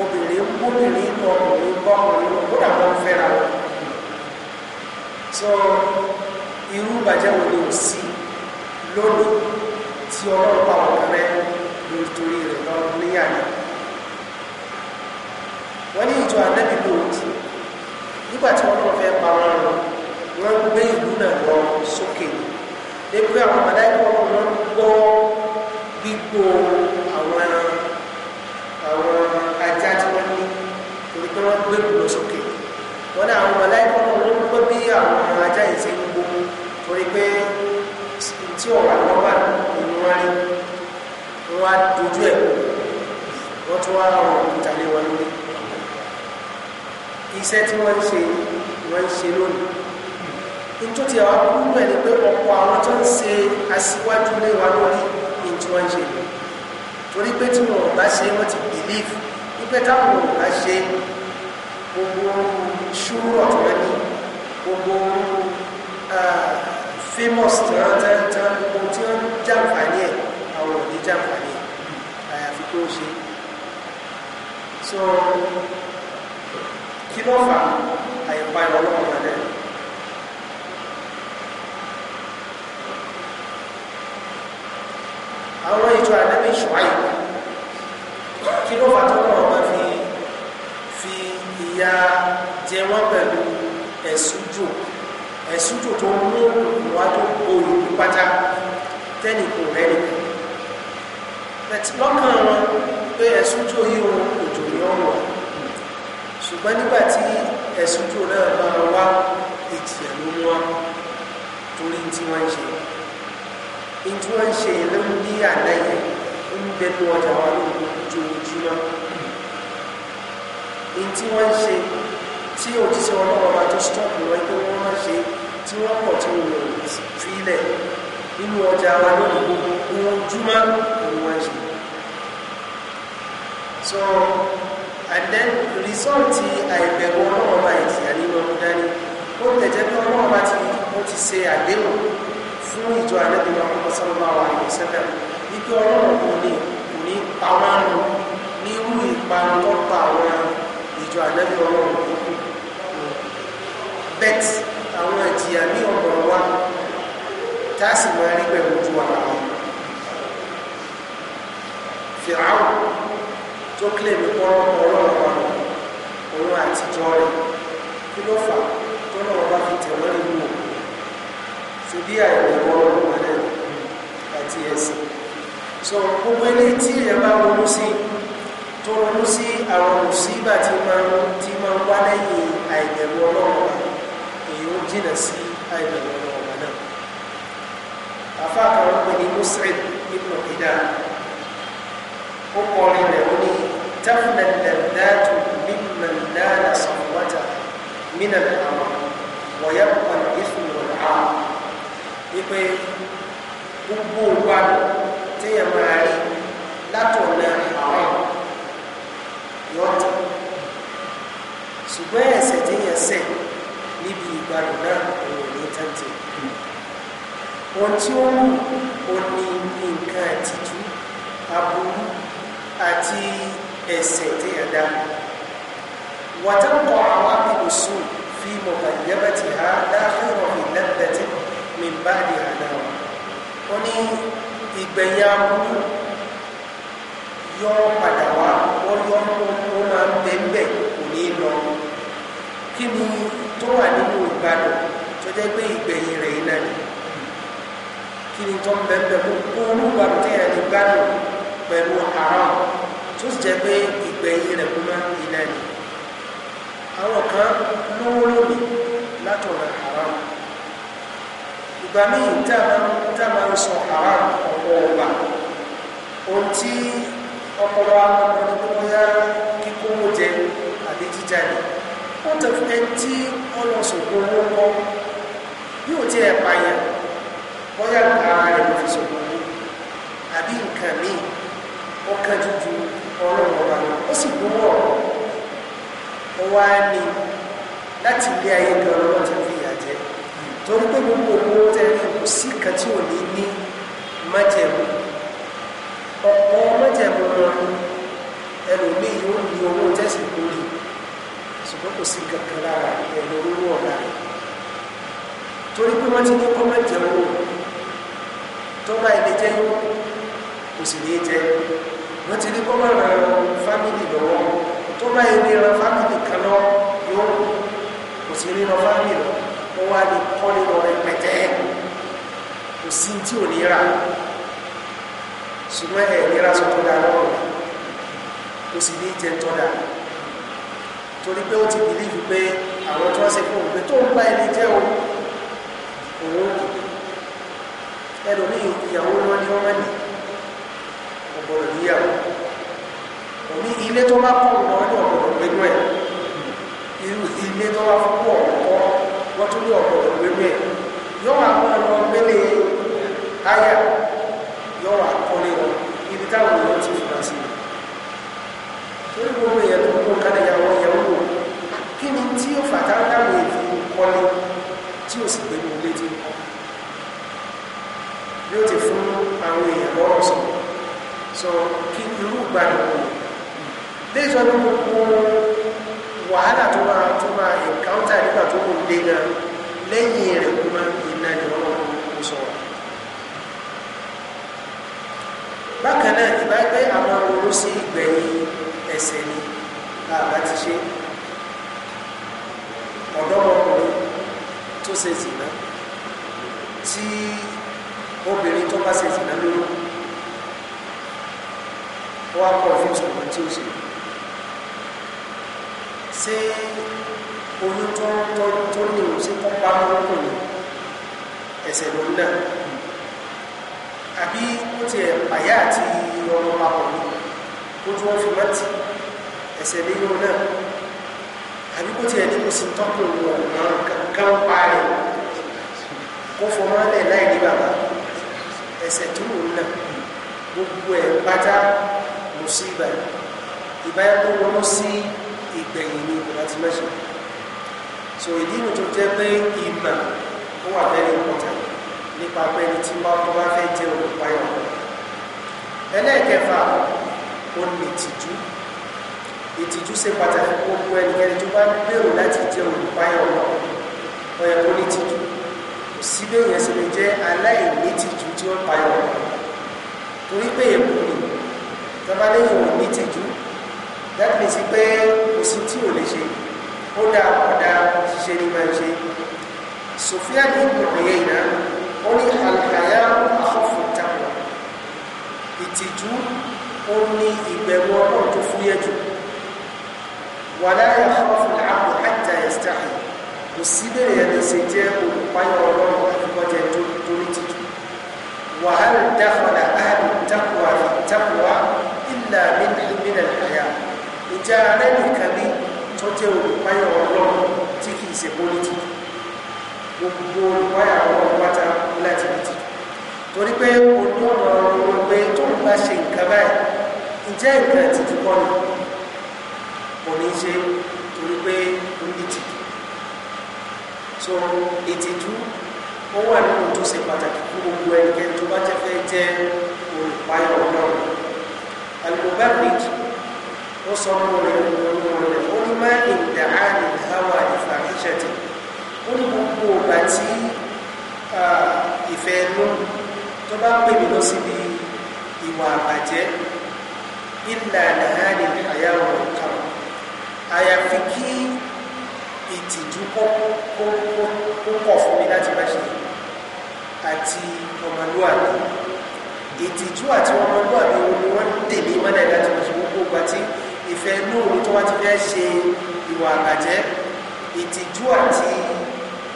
obìnrin gbóbìnrin lọ ọkùnrin bọ́kùnrin lọ kódà wọn fẹ́ra wọn irú ìbàjẹ́ wo ni ò sí lónìí tí ọlọ́run pa ọ̀gá rẹ lórí torí rẹ̀ lọ́rùn níyà ni wọ́n ní ìjọ anábì lòdì nígbà tí ọlọ́run fẹ́ pa wọn rùn wọ́n gbé ìlú náà lọ sókè ni débi àwọn àmàdáìkọ̀ wọn gbọ́ gbígbó àwọn àwọn ajá tí wọ́n ní torí pé wọ́n gbé ìlú lọ sókè wọ́n ní àwọn àmàdáìkọ̀ wọn gbọ́ bí àwọn ajá yìí ṣe ń gbó pé tí ọ̀rọ̀ àkọ́bà ni wọ́n rí wọ́n á dojú ẹ̀ wọ́n tún wá rọ̀ ìtàlẹ̀ wọn lórí iṣẹ́ tí wọ́n ń ṣe wọ́n ń ṣe lónìí nítorí tí àwọn akúrú bẹ̀ ni pé ọ̀pọ̀ àwọn tó ń ṣe aṣíwájú lé wa lórí ní tí wọ́n ṣe torí pé tí wọn ò bá ṣe wọ́n ti bìlífù wípé táwọn ò bá ṣe gbogbo ṣúrọ̀ tó wọ́n ní gbogbo ah, famous tán tán tán gbogbo tí wọ́n jàǹfààní ẹ̀ àwọn ò jàǹfààní ẹ̀ àyàfi kó ṣe so kí ló fà àyípadà ọlọ́run rẹ̀ àwọn ìjọ àdábì ṣùgbọ́n kí ló fà tó kọ̀ ọ́ máa fi fi ìyà jẹ wọ́n pẹ̀lú ẹ̀sùn jù ẹ̀sùn tó tó mú ìwà tó oyè tẹ́nì kò rẹ́ni lọ́kàn wọn pé ẹ̀sùn tó yí wọn òjò ní ọ̀rọ̀ ṣùgbọ́n nígbà ẹ̀sùn tó náà máa wá ìjìyà ló mú wa torí tí wọ́n ń ṣe ní tí wọ́n ń ṣe ló ń ní àdáyẹ ń bẹnu ọjà wa lóògùn ojoojúmọ́ ní tí wọ́n ń ṣe tí òjíṣẹ́ ọlọ́wọ́ bá tó stọ́ọ̀pù wọn pé wọ́n máa ṣe tí wọ́n pọ̀ tí wọ́n fílẹ̀ nínú ọjà wa lónìí gbogbo ohun júmọ́ ni wọ́n so and then result àìbẹ̀wò ọlọ́wọ́ bá ìtì àníwọ̀ ọmọ dání ó tẹ̀jẹ́ pé ọlọ́wọ́ bá ti ó ti ṣe àdéhùn fún ìjọ àdébìnrin ọmọ sọ́lọ́mọ́ àwọn àìyẹ̀sẹ́fẹ́ wípé ọlọ́wọ́ kò ní kò ní pa wọ́n rùn ní irú ìparun tó pa àwọn ìjọ àdébìnrin ọlọ́wọ́ bet àwọn ìjìyà ní ọ̀rọ̀ wa tá a sì máa rí pẹ̀lú ojú wa àwọn fìràwọ̀ tó kílè mi pọ́ ọlọ́run wa òun àtijọ́ rẹ̀ kí ló fà tó náà bá fi tẹ̀wọ́n nínú òun ṣe bí àìlẹ́wọ́ ọlọ́run wa náà àti ẹ̀sìn so gbogbo ilé tí ẹ bá ronú sí tó ronú sí àwọn òsínbà tí máa ń wá lẹ́yìn àìbẹ̀rù ọlọ́run wa jìnà sí àìbẹ̀rẹ̀ ọ̀rọ̀ ọ̀rọ̀ náà àfa kan wọ́n pè ní muslim ibn ida ó kọrin rẹ̀ ó ní tafna lẹ́dàtù mimman nana sọ̀rọ̀wátà min ṣùgbọ́n ẹ̀sẹ̀ téèyàn sẹ́yìn níbi ìgbàlù náà òun ní tàǹtì wọn tí ó wù ó ní nǹkan àtijú aburú àti ẹ̀ṣẹ̀ tí a dá wàtàkùn àwọn abìlùsù fi mọ̀gànyẹ́bẹ̀tì ha láàfihàn ìlẹ́bẹ̀tì mìíràn ní àdáwà ó ní ìgbẹ̀yìn aburú yọ padà wá wọ́n yọ ó máa ń bẹ́ẹ̀ bẹ́ẹ̀ lọ kí ni tó wà nínú ìgbàdùn tó jẹ́ pé ìgbẹ̀yìn rẹ̀ iná ni kí ni tó ń bẹ bẹ kó kó olú ìgbàdùn téèyàn lè gbádùn pẹ̀lú haram tó sì jẹ́ pé ìgbẹ̀yìn rẹ̀ kó má iná ni àwọn kan lówó lónìí látọ̀nà haram ìgbà míì tá a máa ń sọ haram ọ̀pọ̀ ọ̀gbà ohun tí ọpọlọ àwọn ọmọdé tó yá kíkó jẹ àbí jíjà ni ó tẹ̀ fún ẹni tí wọ́n lọ sọ̀kún owó kọ́ bí ò tí ẹ̀ payà bọ́yá ara rẹ̀ ló fi sọ̀kún owó àbí nǹkan míì ó kán jújú ọlọ́run ọba ó sì gbówó ọ̀rọ̀ ó wá ní láti ilé ayé gan ọlọ́run ti fi ìyà jẹ torí pé gbogbo owó tẹ́lẹ̀ kò sí kan tí ò ní ní májẹ̀mú ọ̀pọ̀ májẹ̀mú wọn ẹlòmíì yóò ní owó tẹ́sí lórí ṣùgbọ́n kò sí kankan lára ẹ̀rọ owó ọ̀la rẹ̀ torí pé wọ́n ti ní kọ́ mẹ́jẹ owó tọ́ba ilé jẹ́ kò sì ní jẹ wọ́n ti ní kọ́ mọ́ ran fámìlì lọ́wọ́ tọ́ba ilé ran fámìlì kan lọ yóò kò sí ní ran fámìlì lọ wọ́n wá ní kọ́lé lọ rẹpẹtẹ kò sí tí ò ní ra ṣùgbọ́n ẹ̀ nira sọ tó dáa lọ́wọ́ kò sì ní jẹ tó dáa torí pé ó ti bìlífù pé àwọn tí wọ́n ṣe fún òun pé tó ń bá ẹni jẹ́ òun òun ẹlòmíì ìyàwó wọn ni wọ́n mẹ́ni ọ̀gbọ̀rọ̀ níyàwó òní ilé tó bá kọ̀ lọ ní ọ̀gbọ̀rọ̀ gbénú ẹ̀ irú ilé tó bá fún pọ̀ ọ̀pọ̀ wọ́n tún ní ọ̀gbọ̀rọ̀ gbénú ẹ̀ yọ àwọn ọmọ gbélé háyà yọ àkọlé wọn ibi táwọn èèyàn ti fura sí i torí gbogbo èèyàn tó kó kálẹ̀ yàwó fà táwọn táwọn èèyàn fi kọ́lé tí ò sì gbẹ́nu ilé tí ó kọ́ yóò ti fún àwọn èèyàn lọ́rọ̀ sọ so kí irú ìgbàlùkù lẹ́yìn tó ní gbogbo wàhálà tó máa tó máa encounter nígbà tó kò dé náà lẹ́yìn rẹ̀ kó máa iná ni wọ́n wọ́n kó sọ wà. bákan náà ìbá pé àwọn olóṣèlú ìgbẹ̀yìn ẹ̀sẹ̀ ni àbá ti ṣe é ọ̀dọ́mọkùnrin tó ṣe zìnà tí obìnrin tó bá ṣe zìnà lóru wá pọ̀ fún ìṣòro tí ó ṣe ṣé oyún tó tó tó ní òun ṣe kọ́ pa ọkùnrin ló ń náà àbí ó ti ẹ̀ àti ọmọ papọ̀ ni ó tún fi mọ́tì ẹ̀sẹ̀ ní náà àbí kó tiẹ̀ ní kò sí tọ́kùn wọn máa kán pa rẹ̀ kó fọmọ́lẹ̀ láì ní bàbá ẹsẹ̀ tó wù náà gbogbo ẹ̀ pátá mo sí ibà ìbáyà tó wọnú sí ìgbẹ̀yìn ní ìbùdó àti mẹ́sàn so ìdí inú tó jẹ́ pé ìmà ó wà very important nípa pé ẹni tí wọ́n bá fẹ́ jẹ́ òkú ẹlẹ́ẹ̀kẹfà ó lè tìjú ìtìjú ṣe pàtàkì gbogbo ẹnikẹ́ni tó bá gbèrò láti jẹ́ olùpáyọ̀ ọ̀nà ọ̀yẹ̀ kó ní tìjú kò sí bí èèyàn ṣe lè jẹ́ aláìní tìjú tí ó payọ̀ ọ̀nà torí pé èèmù ni tọ́ba lẹ́yìn ò ní tìjú dákìlì sí pé kò sí tí ò lè ṣe ó dá ọ̀dà ṣiṣẹ́ ní máa ń ṣe Sufyan ibn Uyayna ó ní alhaya akhafu taqwa ìtìjú ó ní ìbẹ̀wò ọlọ́run tó fúyẹ́ jù wàlá yakhafu al-'abdu hatta yastahi kò sí bẹ́ẹ̀ yẹn ló ṣe jẹ́ olùpáyọ̀ ọlọ́run àfikọ́jẹ torí títù wàhálà dáfọ̀dà áàlù taqwa taqwa illa min min al-haya ìjà rẹ̀ nìkan ní tó jẹ́ olùpáyọ̀ ọlọ́run tí kìí ṣe pólítì gbogbo olùpáyọ̀ ọlọ́run pátá láti bí títù torí pé olóòrùn ọ̀rọ̀ pé tó ń bá ṣe nǹkan báyìí ìjẹ́ nǹkan títù kọ́ kò ní ṣe torí pé ó ní ìtìjú so ìtìjú ó wà nínú tó ṣe pàtàkì fún gbogbo ẹnikẹ́ni tó bá jẹ́ fẹ́ jẹ́ olùpáyọ̀ náà alùpùpẹ́pìtì ó sọ mọ́ rẹ̀ olùwọ̀n rẹ̀ ó ní máa ń dà á ní ìdáwà ìfàkíṣẹ̀tì ó ní gbogbo ọ̀gbà tí ìfẹ́ ẹnu tó bá pè mí lọ síbi ìwà àbàjẹ́ ìlànà á àyàwó kàwọn àyàfi kí ìtìjú kó kọ̀ fún mi láti má ṣe àti ọmọlúwàbí ìtìjú àti ọmọlúwàbí wo ni wọ́n tèmi mọ́lẹ̀ láti má ṣe gbogbo ọgbà tí ìfẹ́ lóòrùn tó wá ti fẹ́ ṣe ìwà àbàjẹ́ ìtìjú àti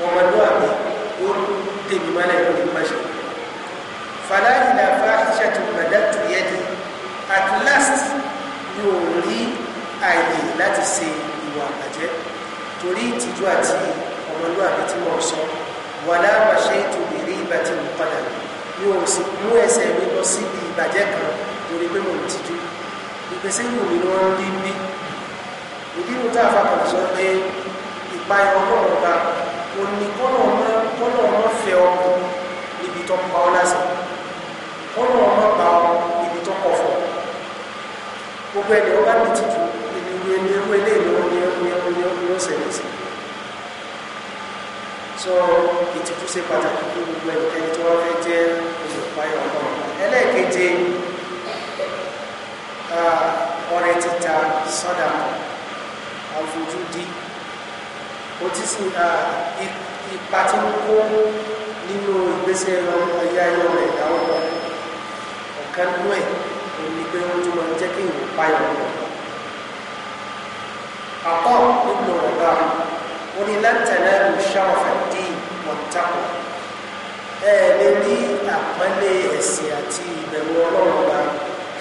ọmọlúwàbí ó tèmi mọ́lẹ̀ lórí má ṣe fàlàyé làfáà ṣètò mọ̀dá tó yẹ di at last yóò rí àìlè láti ṣe ìwà àbàjẹ́ torí ìtìjú àti ọmọlúwàbí tí wọ́n sọ wà láàbà ṣe ìtòlè rí ìgbà tí mo padà mi ò sì mú ẹsẹ̀ mi lọ síbi ìbàjẹ́ kan torí pé mo ń tìjú ìgbésí ìlú mi ni wọ́n rí bí ìdí mo tá a sọ pé ìpayà ọlọ́run ọba òní kọ́nà ọmọ fẹ́ ọkọ níbi tó pa ọ lásán kọ́nà ọmọ bá ọ níbi tó pọ̀ fọ́ gbogbo ẹni ọba ní tìjú ẹni irú ilé ìlú ní ní ní ní ó ṣẹlẹ̀ sí so ìtìjú ṣe pàtàkì fún gbogbo ẹnikẹ́ni tí wọ́n fẹ́ jẹ́ olùpayọ̀ ọlọ́run ẹlẹ́ẹ̀keje ọrẹ títa sọ́dà àfojúdi ó ti sì ipa tí ó kó nínú ìgbésẹ̀ ayé ayé rẹ̀ dáwọ́ ọ̀kan nú ẹ̀ òní pé ó tún máa ń jẹ́ kí ìwọ̀n payọ̀ ọlọ́run عطاء ابن رباعي ولن تنالوا شرف الدين والتقوى ẹlẹ́ni àpọ́nlé ẹ̀sìn àti ìbẹ̀rù ọlọ́run bá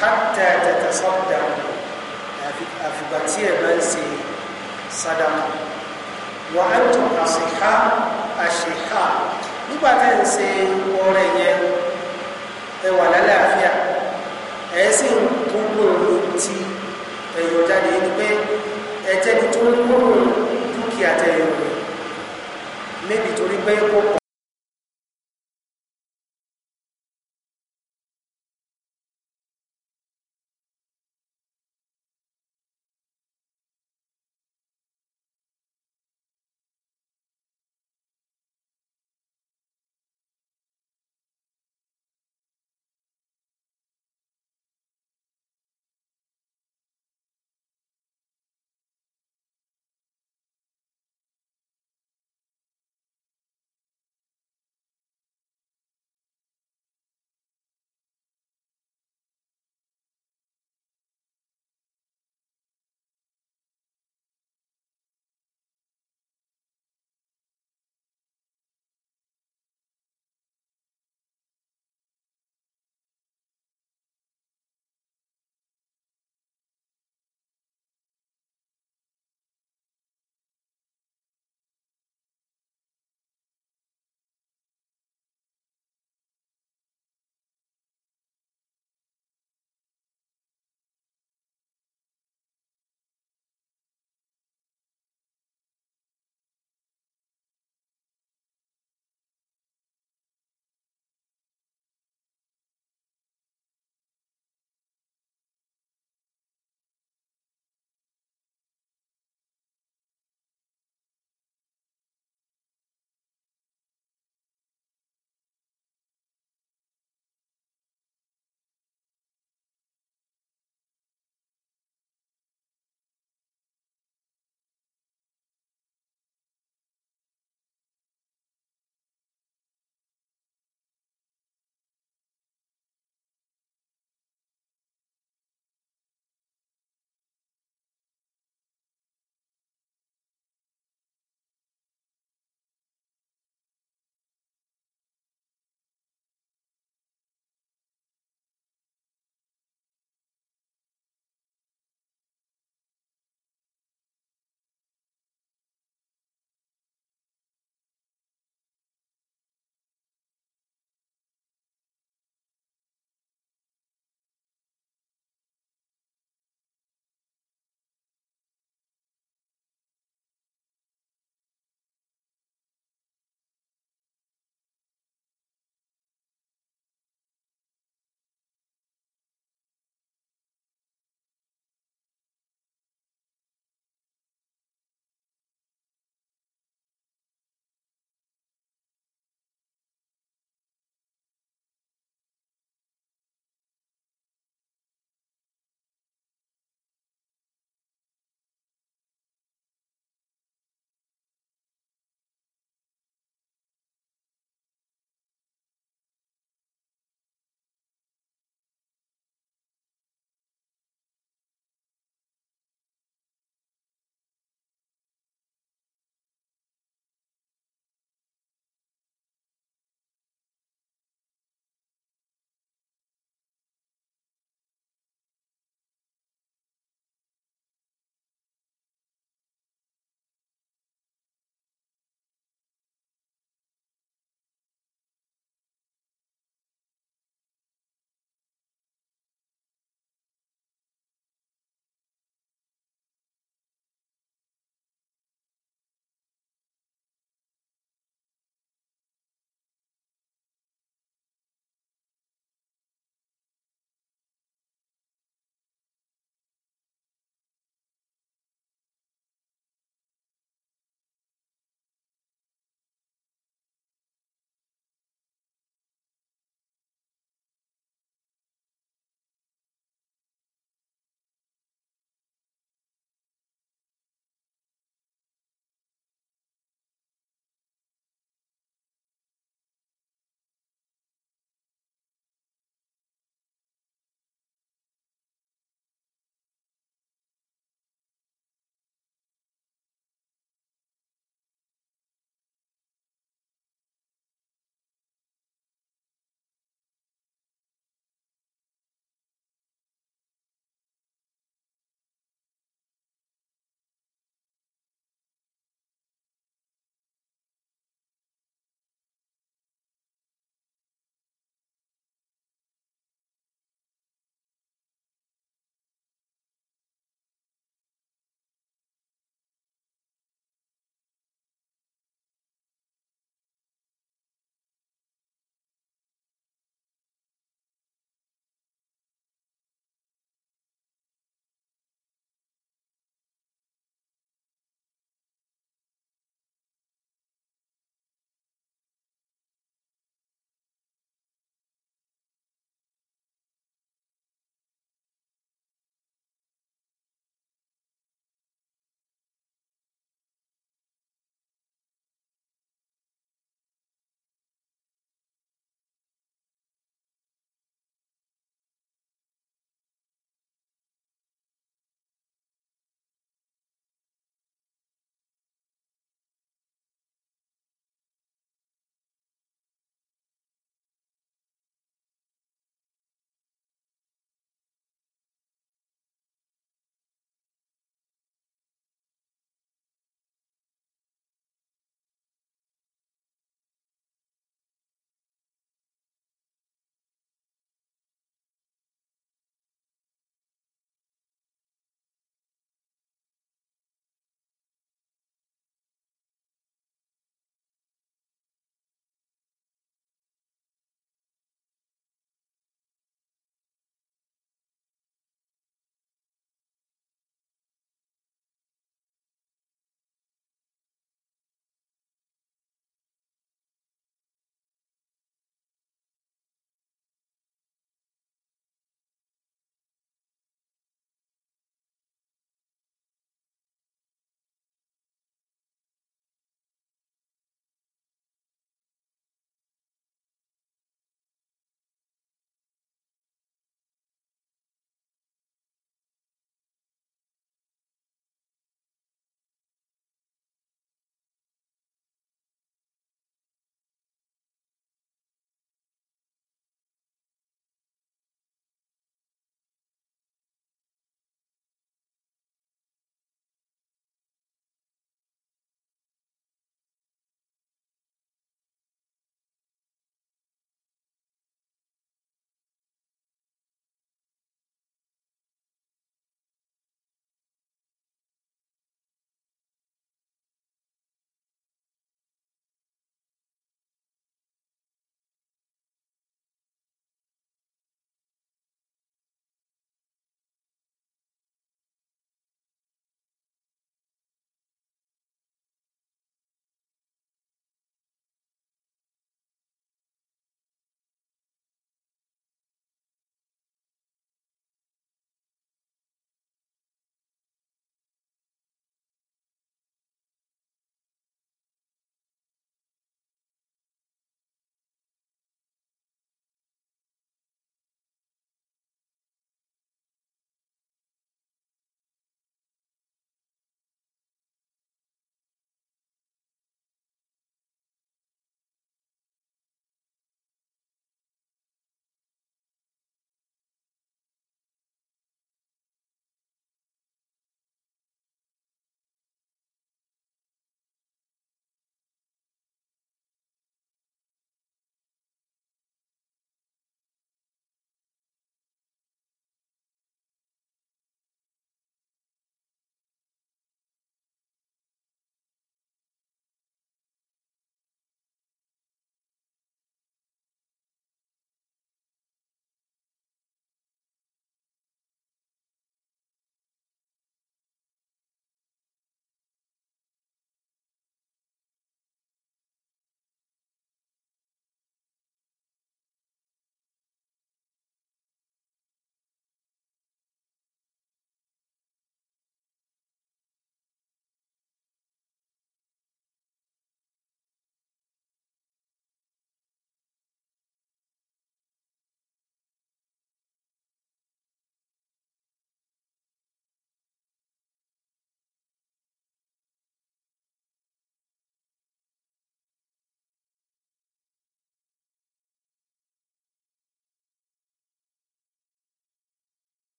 hátà tẹ̀tà sọ́dà àfìgbà tí ẹ̀ máa ń ṣe sádàmù wà á tún àṣìká àṣìká nígbà tá ń ṣe ọrẹ yẹn ẹ wà lálàáfíà ẹ̀ sì ń gbogbo ohun tí ẹ̀yọ̀ jáde ni pé ẹ̀tẹ́ni tó ń kó dúkìá tẹ̀yìn níbi torí pé kó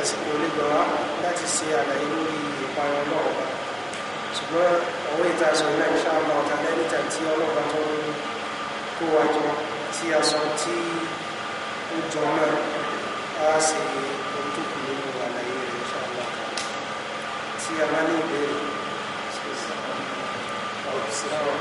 àsìkò lè gbà wá láti ṣe àlàyé lórí ìparí ọlọ́ọ̀ba ṣùgbọ́n ọ̀wọ́ ìta sọ náà ṣá ọmọ ọ̀tá lẹ́nìtà tí ọlọ́ọ̀ba tó ń kó wa jọ tí a sọ tí ó jọ náà á ṣe ohun tó kù nínú àlàyé rẹ̀ ṣá ọlọ́ọ̀ta tí a bá ní ìbéèrè ṣe é sí ọ̀rọ̀ sí ọ̀rọ̀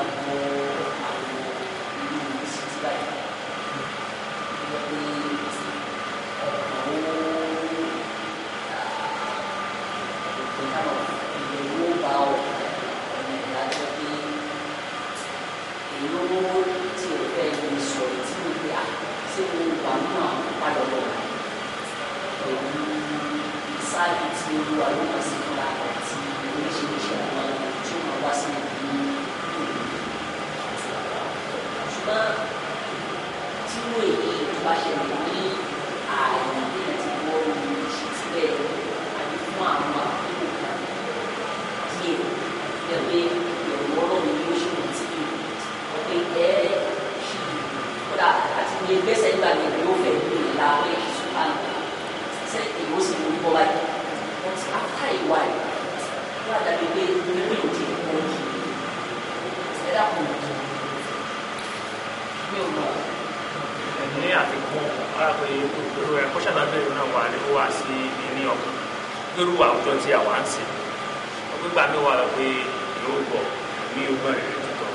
Thank you. pẹ̀lú àwùjọ tí àwọn à ń sìn ọgbẹ́ gbà mí wà lọ pé yóò bọ̀ mí ó gbọ́n rẹ̀ tuntun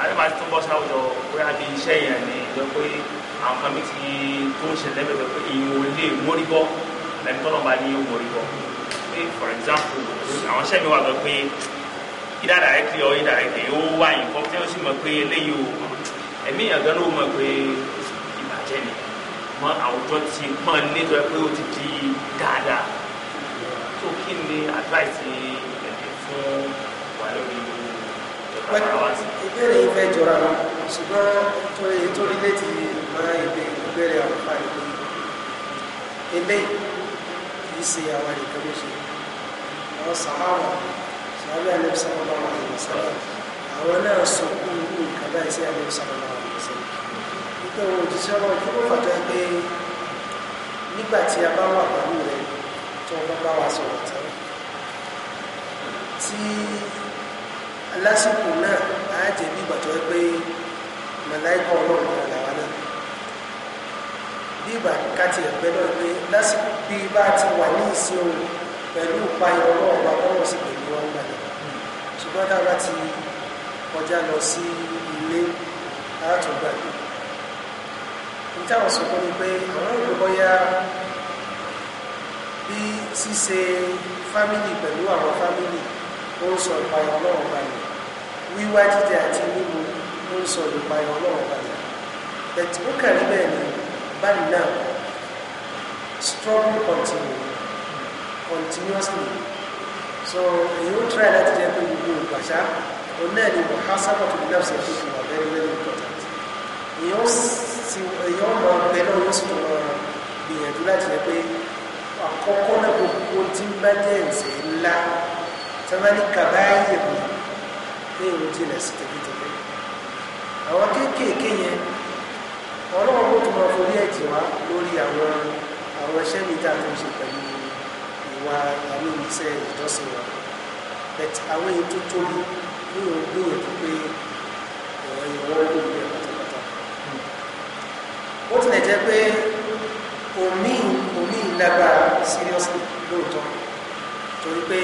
àti máa tún bọ́ sáwùjọ bóyá bí iṣẹ́ yẹn ni ìjọ pé àwọn kan mi ti tó ń ṣẹlẹ̀ bẹ̀rẹ̀ pé ìyẹn ò lè mórí bọ́ lẹ́nu tọ́lọ́ bá ní yóò mórí bọ́ pé for example àwọn iṣẹ́ mi wà lọ pé ìdára ẹ̀ kí ọ ìdára ẹ̀ kì yóò wá nǹkan tí ó sì mọ̀ pé eléyìí ò ẹ̀mí ìyàgbẹ́ ló mọ̀ pé ìbàjẹ́ ni mọ àwùjọ ti pọ́n nítorí pé ó ti di dáadáa kí ni advice ẹ̀dẹ̀ fún wa lórí ìbéèrè yìí fẹ́ jọra wọn ṣùgbọ́n torí torí létí máa ìbé ìbéèrè àwọn àìpé eléyìí kì í ṣe àwọn nìkan ló ṣe àwọn sàmáwà sàmáwà alẹ́ sàmáwà àwọn àìmọ̀ sàmáwà àwọn náà sọ fún nǹkan báyìí sí alẹ́ sàmáwà àwọn àìmọ̀ sàmáwà nígbà wo òjíṣẹ́ wọn kí ló fàtọ́ pé nígbà tí a bá wà pẹ̀lú rẹ tó bá bá wa sọ̀rọ̀ tán tí lásìkò náà á jẹ bí ìgbà tó yẹ pé màláìkà ọlọ́run náà làwa náà bí ìgbà káti ẹ̀gbẹ́ náà pé lásìkò bí bá ti wà ní ìsìn òun pẹ̀lú ìpayọ̀ ọlọ́run bá bọ́rọ̀ sí pẹ̀lú wọn gbà náà ṣùgbọ́n tá a bá ti kọjá lọ sí ilé látùgbàgbé nítawọn sọkún ni pé àwọn ìgbọ́yá bí ṣíṣe fámìlì pẹ̀lú àwọn fámìlì ó ń sọ ìpayà ọlọ́run balẹ̀ wíwá jíjẹ àti mímu ó ń sọ ìpayà ọlọ́run balẹ̀ bẹ̀tì ó kàrí bẹ́ẹ̀ ni báyìí náà struggle continue continuously so èyí ó try láti jẹ́ pé gbogbo ìgbàṣá òun náà ni muhasaba tó náà ṣe fífi wà very very important èyí ó sì èyí ó mọ ọgbẹ náà yóò sì tó mọ gbìyànjú láti jẹ́ pé àkọ́kọ́ náà gbogbo tí ń bá jẹ́ ìṣe ńlá sọmọdé kàbáyé mi pé èrò jìnà sí tẹ̀lé-tẹ̀lé àwọn kéékèèké yẹn ọlọ́run kò tún máa forí ẹ̀jẹ̀ wá lórí àwọn àwọn iṣẹ́ mi tá a tó ń ṣe pẹ̀lú ìwà àwọn iṣẹ́ ìjọsìn wa bẹ̀t àwọn èyí tó tóbi ní òun gbìyànjú pé ọ̀rọ̀ eh, ìwọ́ olóògbé pátápátá ó tilẹ̀ jẹ́ pé omi omi lágbára seriously lóòótọ́ torí pé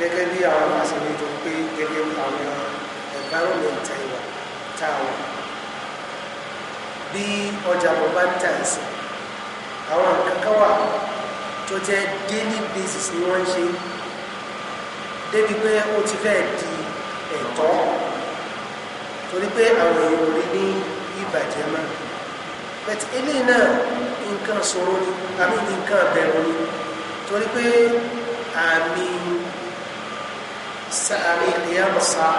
gẹ́gẹ́ bí àwọn àṣírí tó pé gẹ́gẹ́ àwọn environment ìwà táwọn bí ọjà bọ̀ bá ń tà sí àwọn nǹkan kan tó jẹ́ daily basis ni wọ́n ń ṣe débi pé ó ti fẹ́ di ẹ̀tọ́ torí pé àwọn èèyàn ò rí ní ìbàjẹ́ máa but eléyìí náà nǹkan ṣòro ni àbí nǹkan bẹ̀rù ni torí pé àmì àmì ìyàmọ̀ sáà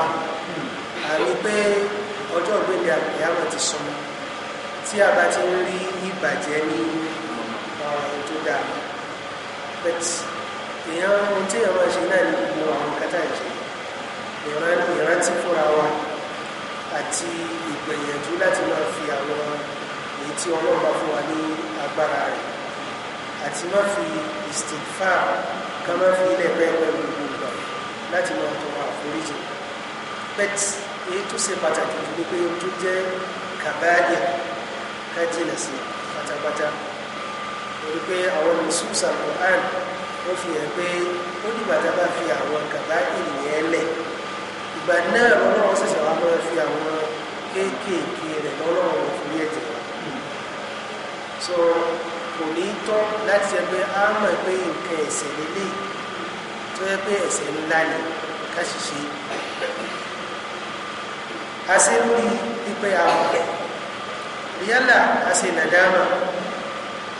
àmì pé ọjọ́ ìgbélé ìyàmọ̀ ti súnmọ́ tí a bá ti ń rí ìbàjẹ́ ní ọ̀rọ̀ tó dáa but èèyàn ohun tí èèyàn máa ṣe náà ní gbogbo àwọn kátà ìṣe ìrántí fúnra wa àti ìgbìyànjú láti máa fi àwọn èyí tí ọlọ́run bá fún wa ní agbára rẹ̀ àti má fi ìsìnkfà ká má fi ilẹ̀ pẹ́ pẹ̀lú láti lọ tọrọ àforíjì pet èyí tó ṣe pàtàkì jù pé ó tún jẹ́ kàbáyà ká jìnà sí pátápátá torí pé àwọn mùsùlùmí Al-Qur'an ó fi hàn pé ó dìgbà tá a bá fi àwọn kàbáyà nìyẹn lẹ̀ ìgbà náà lọ́wọ́ ṣẹ̀ṣẹ̀ wá máa fi àwọn kéékèèké rẹ̀ lọ́wọ́ fún ẹ̀jẹ̀ wa so kò ní tọ́ láti ẹgbẹ́ á pé nǹkan ẹ̀sẹ̀ lélẹ́yìí tó yẹ pé ẹ̀ṣẹ̀ ńlá ni ká ṣiṣẹ́ ase lórí pípẹ́ àwọn yálà ase nàdámà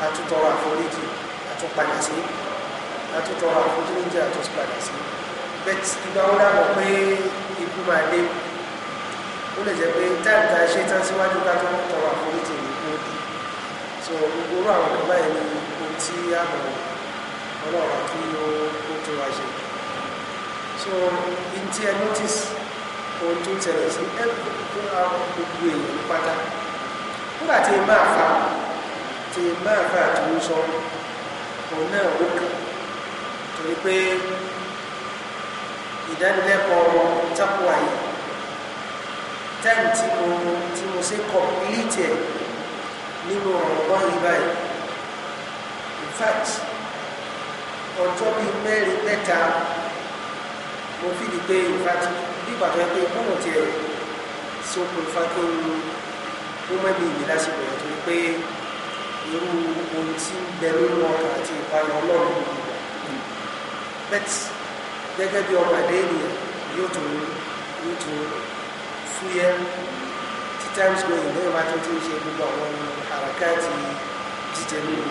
àtútọrọ àforíjì àtúpadà sí àtútọrọ àforíjì àtúpadà sí bẹ́ẹ̀ ìgbà wọn dàbọ̀ pé ikú máa dé ó lè jẹ́ pé táìpà ṣe tán síwájú ká tó tọrọ àforíjì ní òdì so gbogbo àwọn ọ̀gbọ́n báyìí ni ohun tí àmọ̀ ọlọ́run kí ó tó wá so in ti ẹ notice ohun tó tẹ̀lé sí ẹ gbogbo èèyàn pátá nígbà tí máa fa tí máa fa tó ń sọ òun náà ó kàn torí pé ìdánilẹ́kọ̀ọ́ tápọ̀ àyè táìmù tí mo tí mo ṣe kọ̀pìlìtì nínú ọ̀rọ̀ bọ́ọ̀lù báyìí in fact ọjọ́ bíi mẹ́rin mẹ́ta mo fi di pé ìfàtí bíbà tó yẹ pé gbọ́dọ̀ tiẹ̀ ṣokùnfà kí n ó mẹ́bi ìdí lásìkò yẹn torí pé irú ohun tí ń bẹ lórí ọkàn àti ìpayọ ọlọ́run ìgbà bẹ́ẹ̀ gẹ́gẹ́ bí ọmọ ẹ̀dẹ́ ènìyàn yóò tún yóò tún fúyẹ́ tí times square yìí tó ti ń ṣe gbogbo àwọn àràkáàtì jíjẹ nínú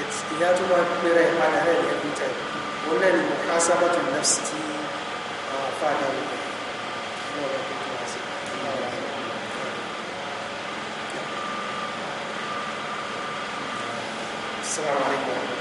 ìyá tó wá péré padà rẹ̀ every time wọn náà ni muhasabatu nafsi tí àwọn afáàdá wọn náà wọn kò tó wá sí Assalamu alaikum.